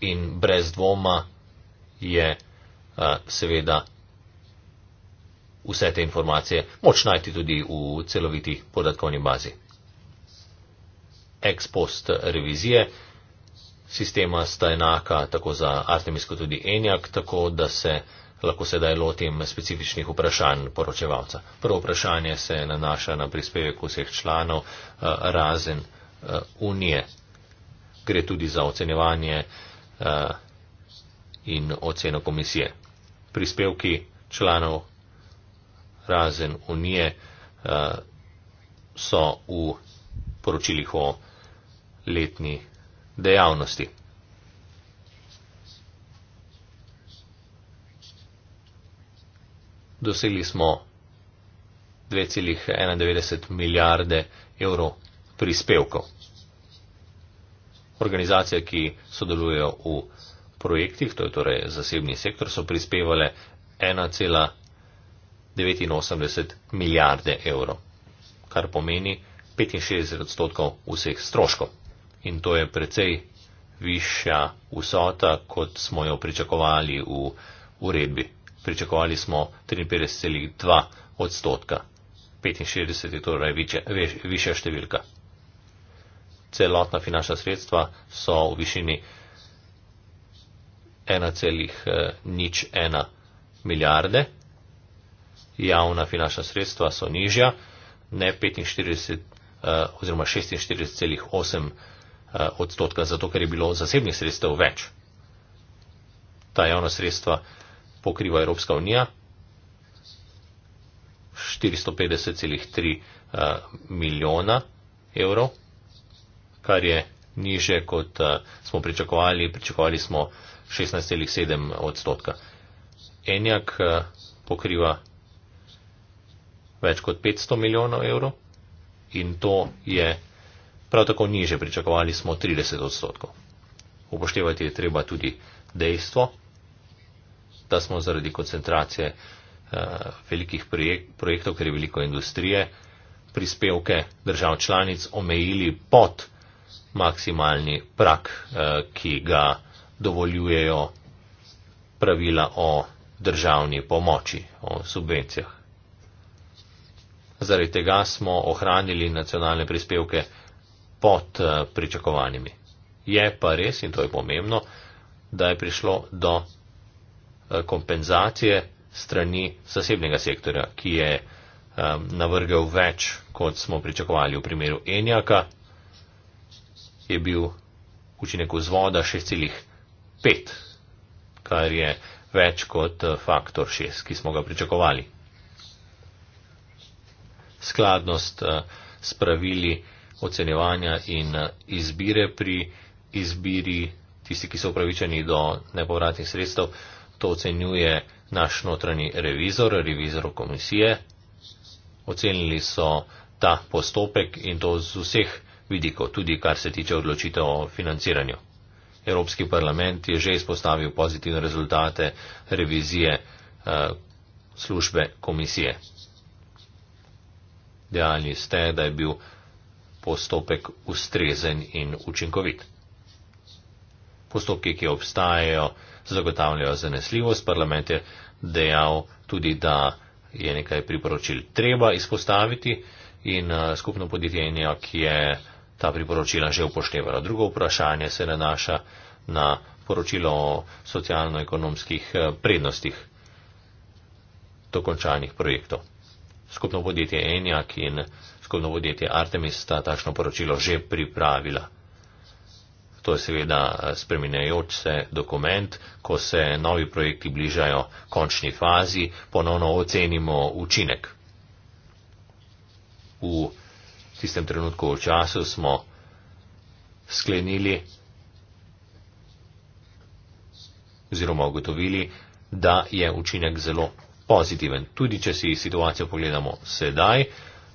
in brez dvoma je seveda vse te informacije moč najti tudi v celoviti podatkovni bazi. Ex post revizije sistema sta enaka tako za Artemis kot tudi Enjak, tako da se uh, lahko sedaj lotim specifičnih vprašanj poročevalca. Prvo vprašanje se nanaša na prispevek vseh članov eh, razen eh, unije. Gre tudi za ocenjevanje eh, in oceno komisije. Prispevki članov razen unije so v poročilih o letni dejavnosti. dosegli smo 2,91 milijarde evrov prispevkov. Organizacije, ki sodelujejo v projektih, to je torej zasebni sektor, so prispevale 1,89 milijarde evrov, kar pomeni 65 odstotkov vseh stroškov. In to je precej višja vsota, kot smo jo pričakovali v uredbi pričakovali smo 53,2 odstotka. 65 je torej višja številka. Celotna finančna sredstva so v višini 1,01 eh, milijarde, javna finančna sredstva so nižja, ne 45 eh, oziroma 46,8 eh, odstotka, zato ker je bilo zasebnih sredstev več. Ta javna sredstva pokriva Evropska unija. 450,3 eh, milijona evrov, kar je niže, kot eh, smo pričakovali. Pričakovali smo 16,7 odstotka. Enjak eh, pokriva več kot 500 milijonov evrov in to je prav tako niže, pričakovali smo 30 odstotkov. Upoštevati je treba tudi dejstvo, da smo zaradi koncentracije uh, velikih projektov, ker je veliko industrije, prispevke držav članic omejili pod maksimalni prak, uh, eh, ki ga dovoljujejo pravila o državni pomoči, o subvencijah. Zaradi tega smo ohranili nacionalne prispevke pod uh, pričakovanimi. Je pa res, in to je pomembno, da je prišlo do Eh, kompenzacije strani zasebnega sektorja, ki je navrgel več, kot smo pričakovali v primeru Enjaka, je bil učinek vzvoda 6,5, kar je več kot eh, faktor 6, ki smo ga pričakovali. Skladnost eh, s pravili ocenjevanja in izbire pri izbiri tisti, ki so upravičeni do nepovratnih sredstev, to ocenjuje naš notranji revizor, revizor komisije. Ocenili so ta postopek in to z vseh vidikov, tudi kar se tiče odločitev o financiranju. Evropski parlament je že izpostavil pozitivne rezultate revizije eh, službe komisije. Dejali ste, da je bil postopek ustrezen in učinkovit. Postopki, ki obstajajo, zagotavljajo zanesljivost. Parlament je dejal tudi, da je nekaj priporočil treba izpostaviti in eh, skupno podjetje, ki je ta priporočila že upoštevalo. Drugo vprašanje se nanaša na poročilo o socialno-ekonomskih eh, prednostih dokončanih projektov. Skupno podjetje Enjak in skupno podjetje Artemis sta takšno poročilo že pripravila. To je seveda eh, spreminjajoč se dokument, ko se novi projekti bližajo končni fazi, ponovno ocenimo učinek. V tistem trenutku v času smo sklenili oziroma ugotovili, da je učinek zelo pozitiven. Tudi, če si situacijo pogledamo sedaj,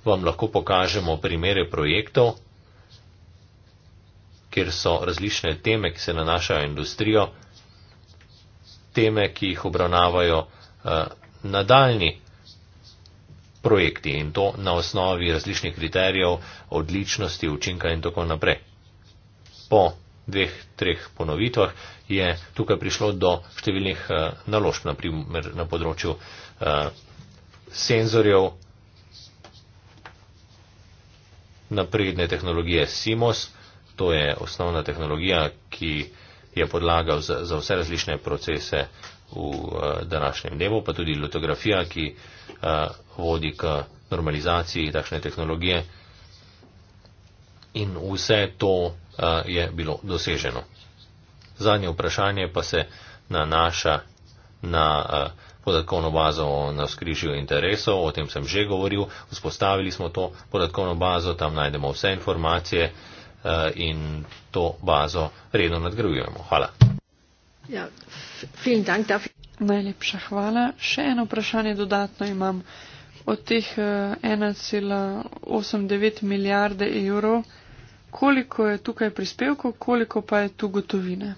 vam lahko pokažemo primere projektov, kjer so različne teme, ki se nanašajo industrijo, teme, ki jih obravnavajo uh, nadaljni projekti in to na osnovi različnih kriterijev, odličnosti, učinka in tako naprej. Po dveh, treh ponovitvah je tukaj prišlo do številnih uh, naložb, naprimer na področju uh, senzorjev, napredne tehnologije SIMOS, uh, To je osnovna tehnologija, ki je podlaga za, za vse različne procese v uh, današnjem dnevu, pa tudi litografija, ki uh, vodi k normalizaciji takšne tehnologije. In vse to uh, je bilo doseženo. Zadnje vprašanje pa se nanaša na uh, podatkovno bazo na skrižju interesov, o tem sem že govoril, vzpostavili smo to podatkovno bazo, tam najdemo vse informacije. Uh, Eh, in to bazo redno nadgrajujemo. Hvala. Ja, dank, da... Najlepša hvala. Še eno vprašanje dodatno imam. Od teh 1,89 eh, milijarde evrov, koliko je tukaj prispevkov, koliko pa je tu gotovine?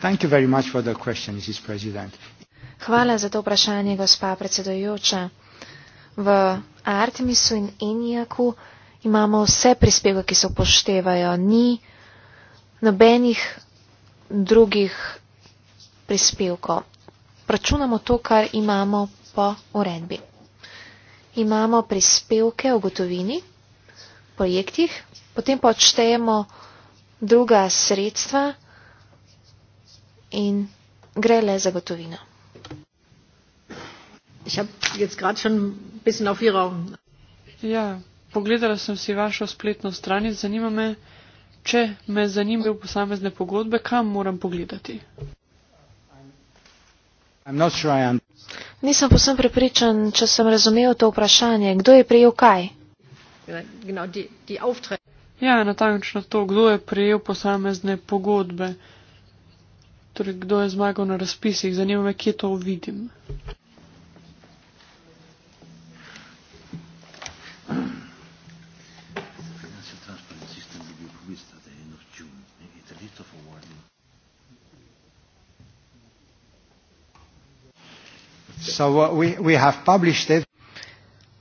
Question, hvala za to vprašanje, gospa predsedojoča. V Artemisu in Enjaku imamo vse prispevke, ki se upoštevajo. Ni nobenih drugih prispevkov. Računamo to, kar imamo po uredbi. Imamo prispevke o gotovini, projektih, potem pa odštejemo druga sredstva in gre le za gotovino. Ich habe jetzt gerade schon ein bisschen auf Ihre. Ja, Pogledala sem si vašo spletno stran in zanima me, če me zanimajo posamezne pogodbe, kam moram pogledati. Nisem posem prepričan, če sem razumel to vprašanje. Kdo je prijel kaj? Ja, natančno to, kdo je prijel posamezne pogodbe. Torej, kdo je zmagal na razpisih. Zanima me, kje to vidim. so we, we have published it.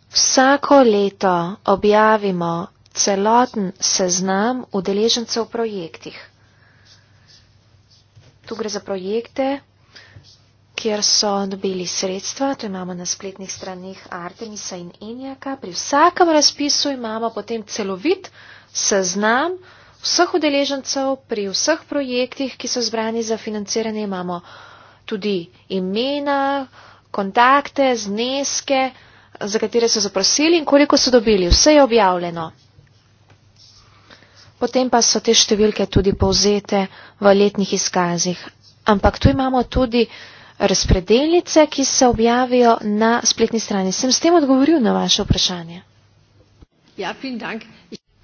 Vsako leto objavimo celoten seznam udeležencev v projektih. Tu gre za projekte, kjer so dobili sredstva, to imamo na spletnih stranih Artemisa in Enjaka. Pri vsakem razpisu imamo potem celovit seznam vseh udeležencev pri vseh projektih, ki so zbrani za financiranje, imamo tudi imena, kontakte, zneske, za katere so zaprosili in koliko so dobili. Vse je objavljeno. Potem pa so te številke tudi povzete v letnih izkazih. Ampak tu imamo tudi razpredeljice, ki se objavijo na spletni strani. Sem s tem odgovoril na vaše vprašanje. Ja,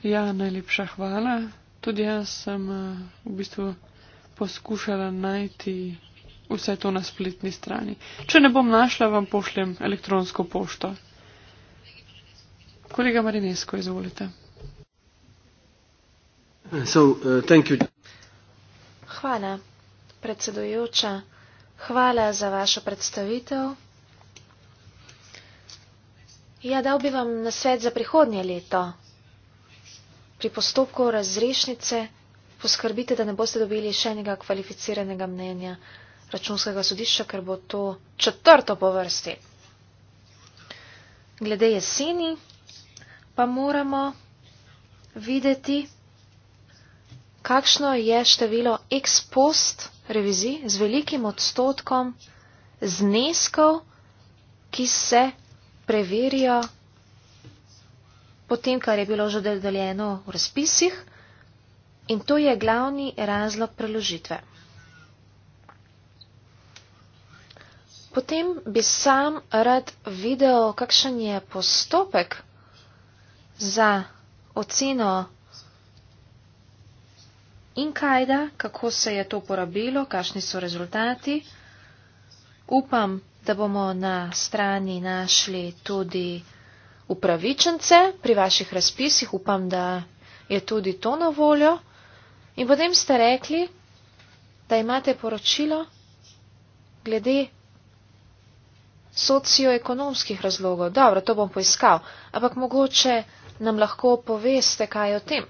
ja najlepša hvala. Tudi jaz sem eh, v bistvu poskušala najti vse to na spletni strani. Če ne bom našla, vam pošljem elektronsko pošto. Kolega Marinesko, izvolite. So, uh, hvala, predsedujoča. Hvala za vašo predstavitev. Ja, dal bi vam na svet za prihodnje leto. Pri postopku razrešnice poskrbite, da ne boste dobili še enega kvalificiranega mnenja računskega sodišča, ker bo to četrto po vrsti. Glede jeseni pa moramo videti, kakšno je število ex post revizij z velikim odstotkom zneskov, ki se preverijo potem, kar je bilo že deljeno v razpisih. In to je glavni razlog preložitve. potem bi sam rad videl, kakšen je postopek za oceno in kajda, kako se je to porabilo, kakšni so rezultati. Upam, da bomo na strani našli tudi upravičence pri vaših razpisih. Upam, da je tudi to na voljo. In potem ste rekli, da imate poročilo glede socioekonomskih razlogov. Dobro, to bom poiskal, ampak mogoče nam lahko poveste kaj o tem.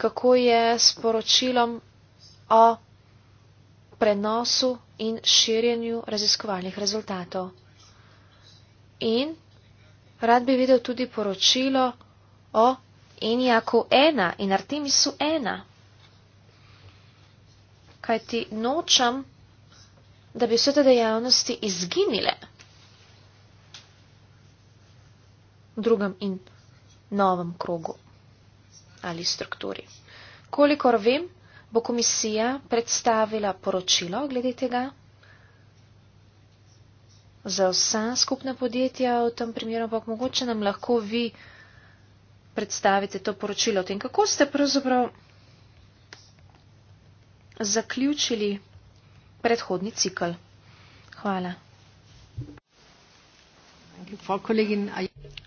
Kako je s poročilom o prenosu in širjenju raziskovalnih rezultatov. In rad bi videl tudi poročilo o Enjaku 1 in Artemisu 1. Kaj ti nočem? da bi vse te dejavnosti izginile v drugem in novem krogu ali strukturi. Kolikor vem, bo komisija predstavila poročilo glede tega za vsa skupna podjetja, v tem primeru pa mogoče nam lahko vi predstavite to poročilo o tem, kako ste pravzaprav zaključili predhodni cikl. Hvala.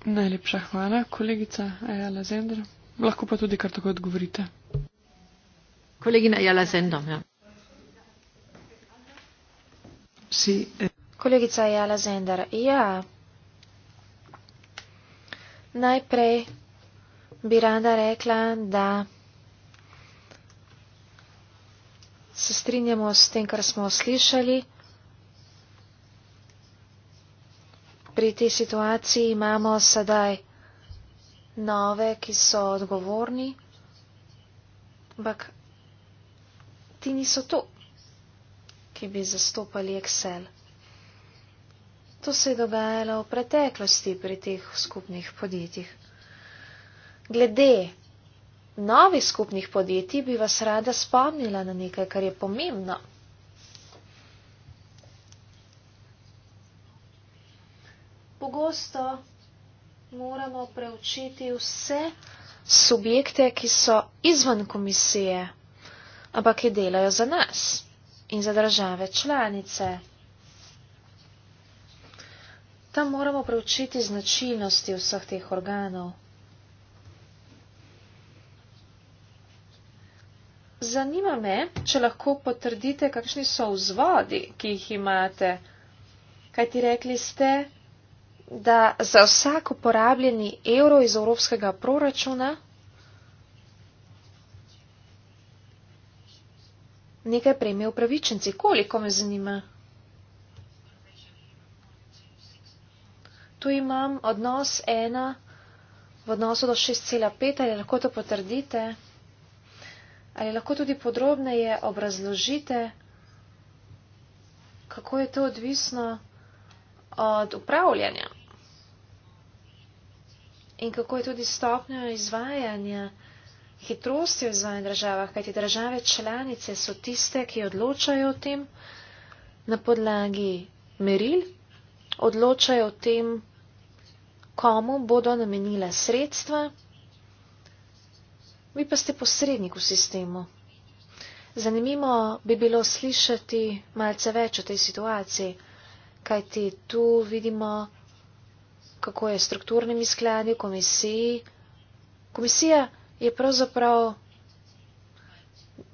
Najlepša hvala, kolegica Ajala Zendr. Lahko pa tudi kar tako odgovorite. Kolegina Ajala Zendom, ja. Si, eh. Kolegica Jala Zender, ja, najprej bi rada rekla, da se strinjamo s tem, kar smo slišali. Pri tej situaciji imamo sedaj nove, ki so odgovorni, ampak ti niso to, ki bi zastopali Excel. To se je dogajalo v preteklosti pri teh skupnih podjetjih. Glede novih skupnih podjetij bi vas rada spomnila na nekaj, kar je pomembno. Pogosto moramo preučiti vse subjekte, ki so izven komisije, ampak ki delajo za nas in za države članice. Tam moramo preučiti značilnosti vseh teh organov. Zanima me, če lahko potrdite, kakšni so vzvodi, ki jih imate. Kaj ti rekli ste, da za vsak uporabljeni evro iz evropskega proračuna nekaj prejme upravičenci? Koliko me zanima? Tu imam odnos ena v odnosu do 6,5, ali lahko to potrdite? Ali lahko tudi podrobneje obrazložite, kako je to odvisno od upravljanja in kako je tudi stopnjo izvajanja, hitrosti v izvajanju državah, kajti države članice so tiste, ki odločajo o tem na podlagi meril, odločajo o tem, komu bodo namenila sredstva vi pa ste posrednik v sistemu. Zanimivo bi bilo slišati malce več o tej situaciji, kajti tu vidimo, kako je strukturnimi skladi v komisiji. Komisija je pravzaprav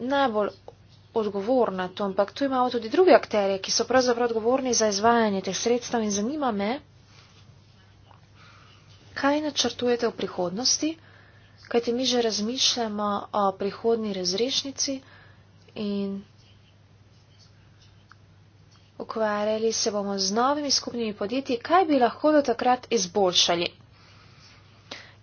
najbolj odgovorna to, ampak tu imamo tudi druge akterje, ki so pravzaprav odgovorni za izvajanje teh sredstev in zanima me, kaj načrtujete v prihodnosti kajti mi že razmišljamo o prihodni razrešnici in ukvarjali se bomo z novimi skupnimi podjetji, kaj bi lahko do takrat izboljšali.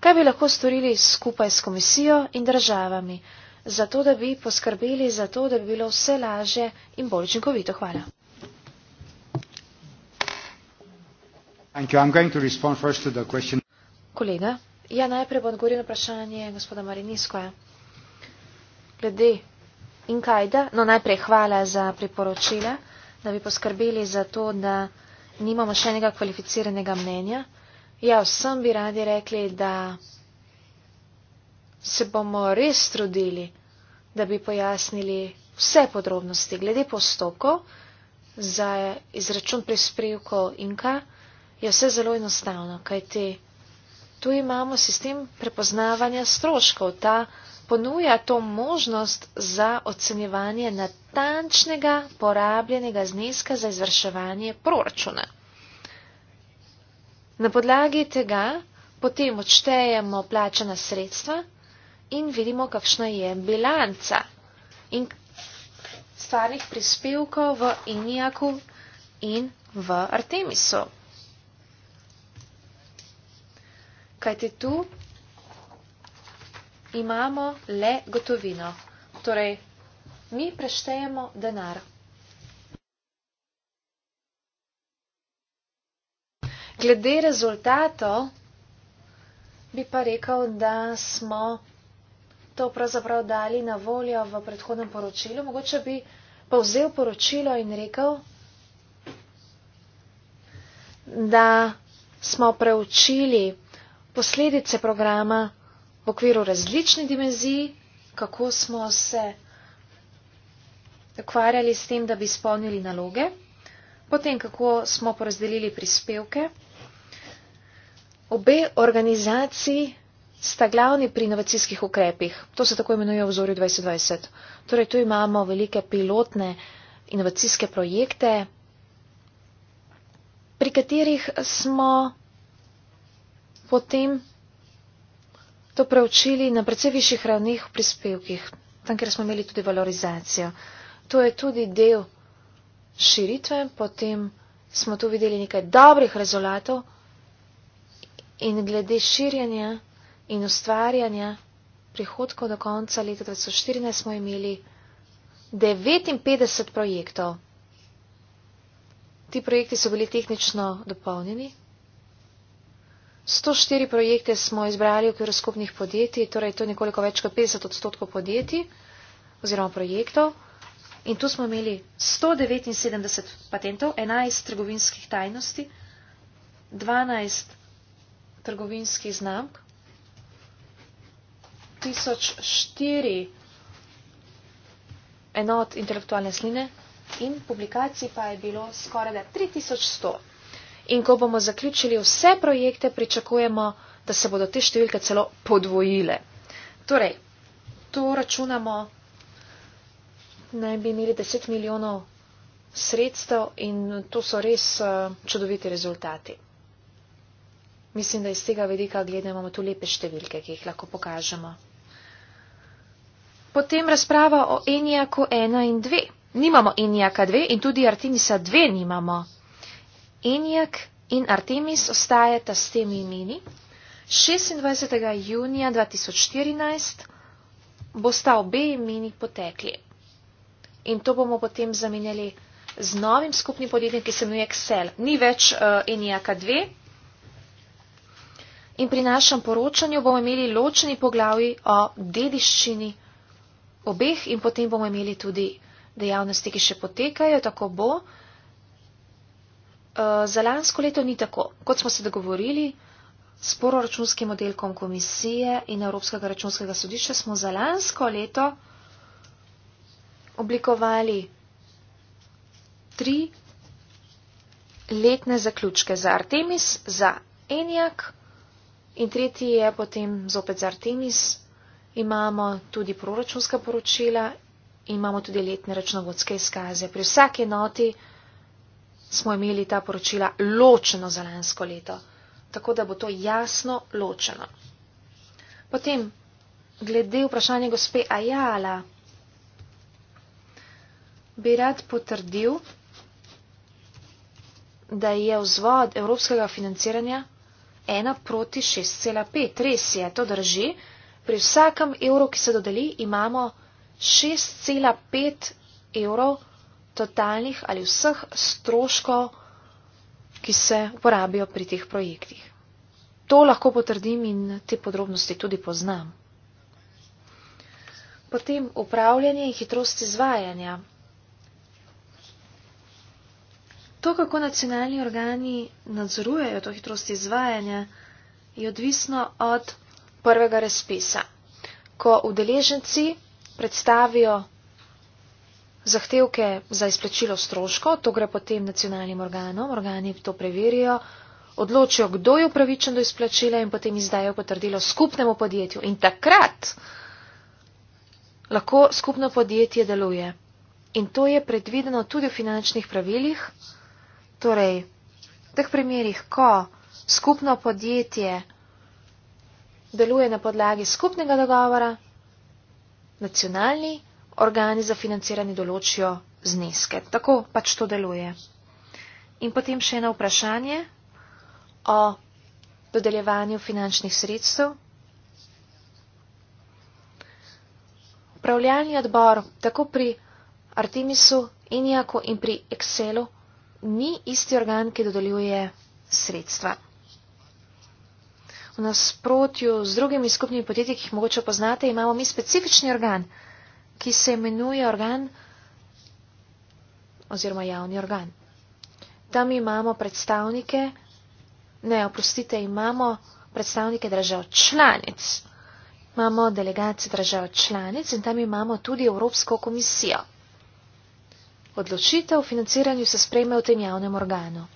Kaj bi lahko storili skupaj s komisijo in državami, zato da bi poskrbeli za to, da bi bilo vse lažje in bolj učinkovito. Hvala. Kolega. Ja, najprej bom odgovoril na vprašanje gospoda Mariniskoja. Glede in kaj da, no najprej hvala za priporočila, da bi poskrbeli za to, da nimamo še enega kvalificiranega mnenja. Ja, vsem bi radi rekli, da se bomo res trudili, da bi pojasnili vse podrobnosti glede postopkov za izračun prispevkov Inka. Je vse zelo enostavno, kajti tu imamo sistem prepoznavanja stroškov. Ta ponuja to možnost za ocenjevanje natančnega porabljenega zneska za izvrševanje proračuna. Na podlagi tega potem odštejemo plačena sredstva in vidimo, kakšna je bilanca in stvarnih prispevkov v Injaku in v Artemisu. kajte tu imamo le gotovino. Torej, mi preštejemo denar. Glede rezultatov bi pa rekel, da smo to pravzaprav dali na voljo v predhodnem poročilu. Mogoče bi pa vzel poročilo in rekel, da smo preučili posledice programa v okviru različnih dimenzij, kako smo se ukvarjali s tem, da bi izpolnili naloge, potem kako smo porazdelili prispevke. Obe organizaciji sta glavni pri inovacijskih ukrepih. To se tako imenuje v vzorju 2020. Torej, tu imamo velike pilotne inovacijske projekte, pri katerih smo potem to preučili na precej višjih ravnih v prispevkih, tam, kjer smo imeli tudi valorizacijo. To je tudi del širitve, potem smo tu videli nekaj dobrih rezultatov in glede širjenja in ustvarjanja prihodkov do konca leta 2014 smo imeli 59 projektov. Ti projekti so bili tehnično dopolnjeni, 104 projekte smo izbrali v okviru skupnih podjetij, torej to je nekoliko več kot 50 odstotkov podjetij oziroma projektov. In tu smo imeli 179 patentov, 11 trgovinskih tajnosti, 12 trgovinskih znamk, 1004 enot intelektualne sline in publikacij pa je bilo skoraj 3100. In ko bomo zaključili vse projekte, pričakujemo, da se bodo te številke celo podvojile. Torej, to računamo, naj bi imeli 10 milijonov sredstev in to so res eh, čudoviti rezultati. Mislim, da iz tega vedika gledamo, imamo tu lepe številke, ki jih lahko pokažemo. Potem razprava o Enijaku 1 in 2. Nimamo Enijaka 2 in tudi Artemisa 2 nimamo. Enjak in Artemis ostajata s temi imeni. 26. junija 2014 bosta obe imeni potekli. In to bomo potem zamenjali z novim skupnim podjetjem, ki se imenuje Excel. Ni več uh, eh, Enjaka 2. In pri našem poročanju bomo imeli ločeni poglavi o dediščini obeh in potem bomo imeli tudi dejavnosti, ki še potekajo. Tako bo. Eh, za lansko leto ni tako. Kot smo se dogovorili s proračunskim oddelkom komisije in Evropskega računskega sodišča, smo za lansko leto oblikovali tri letne zaključke za Artemis, za Enjak in tretji je potem zopet za Artemis. Imamo tudi proračunska poročila, imamo tudi letne računovodske izkaze. Pri vsaki noti smo imeli ta poročila ločeno za lansko leto, tako da bo to jasno ločeno. Potem, glede vprašanja gospe Ajala, bi rad potrdil, da je vzvod evropskega financiranja 1 proti 6,5. Res je, to drži. Pri vsakem evru, ki se dodeli, imamo 6,5 evrov totalnih ali vseh stroškov, ki se uporabijo pri teh projektih. To lahko potrdim in te podrobnosti tudi poznam. Potem upravljanje in hitrost izvajanja. To, kako nacionalni organi nadzorujejo to hitrost izvajanja, je odvisno od prvega razpisa. Ko udeleženci predstavijo zahtevke za izplačilo stroškov, to gre potem nacionalnim organom, organi to preverijo, odločijo, kdo je upravičen do izplačila in potem izdajo potrdilo skupnemu podjetju. In takrat lahko skupno podjetje deluje. In to je predvideno tudi v finančnih pravilih. Torej, v teh primerjih, ko skupno podjetje deluje na podlagi skupnega dogovora, nacionalni organi za financiranje določijo zneske. Tako pač to deluje. In potem še eno vprašanje o dodeljevanju finančnih sredstev. Upravljalni odbor tako pri Artemisu, Enijaku in pri Excelu ni isti organ, ki dodeljuje sredstva. V nasprotju z drugimi skupnimi podjetji, ki jih mogoče poznate, imamo mi specifični organ, ki se imenuje organ oziroma javni organ. Tam imamo predstavnike, ne, oprostite, imamo predstavnike držav članic. Imamo delegacije držav članic in tam imamo tudi Evropsko komisijo. Odločitev o financiranju se sprejme v tem javnem organu.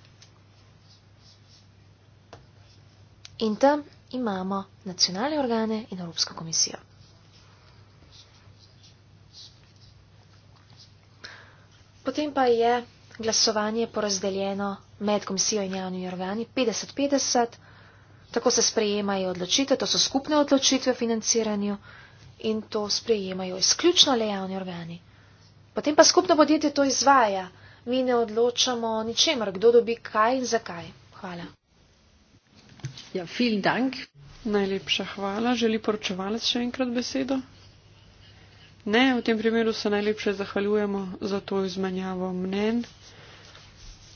In tam imamo nacionalne organe in Evropsko komisijo. Potem pa je glasovanje porazdeljeno med komisijo in javnimi organi 50-50, tako se sprejemajo odločitve, to so skupne odločitve o financiranju in to sprejemajo izključno le javni organi. Potem pa skupno podjetje to izvaja, mi ne odločamo ničemer, kdo dobi kaj in zakaj. Hvala. Ja, vielen Dank. Najlepša hvala. Želi poročevalec še enkrat besedo? Ne, v tem primeru se najlepše zahvaljujemo za to izmenjavo mnen,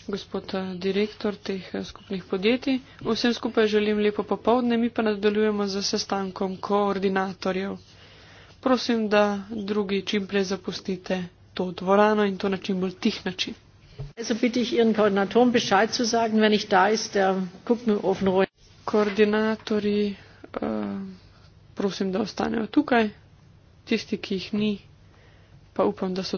gospod eh, direktor teh eh, skupnih podjetij. Vsem skupaj želim lepo popovdne, mi pa nadaljujemo z sestankom koordinatorjev. Prosim, da drugi čim prej zapustite to dvorano in to na čim bolj tih način. Koordinatorji, eh, prosim, da ostanejo tukaj tisti, ki jih ni, pa upam, da so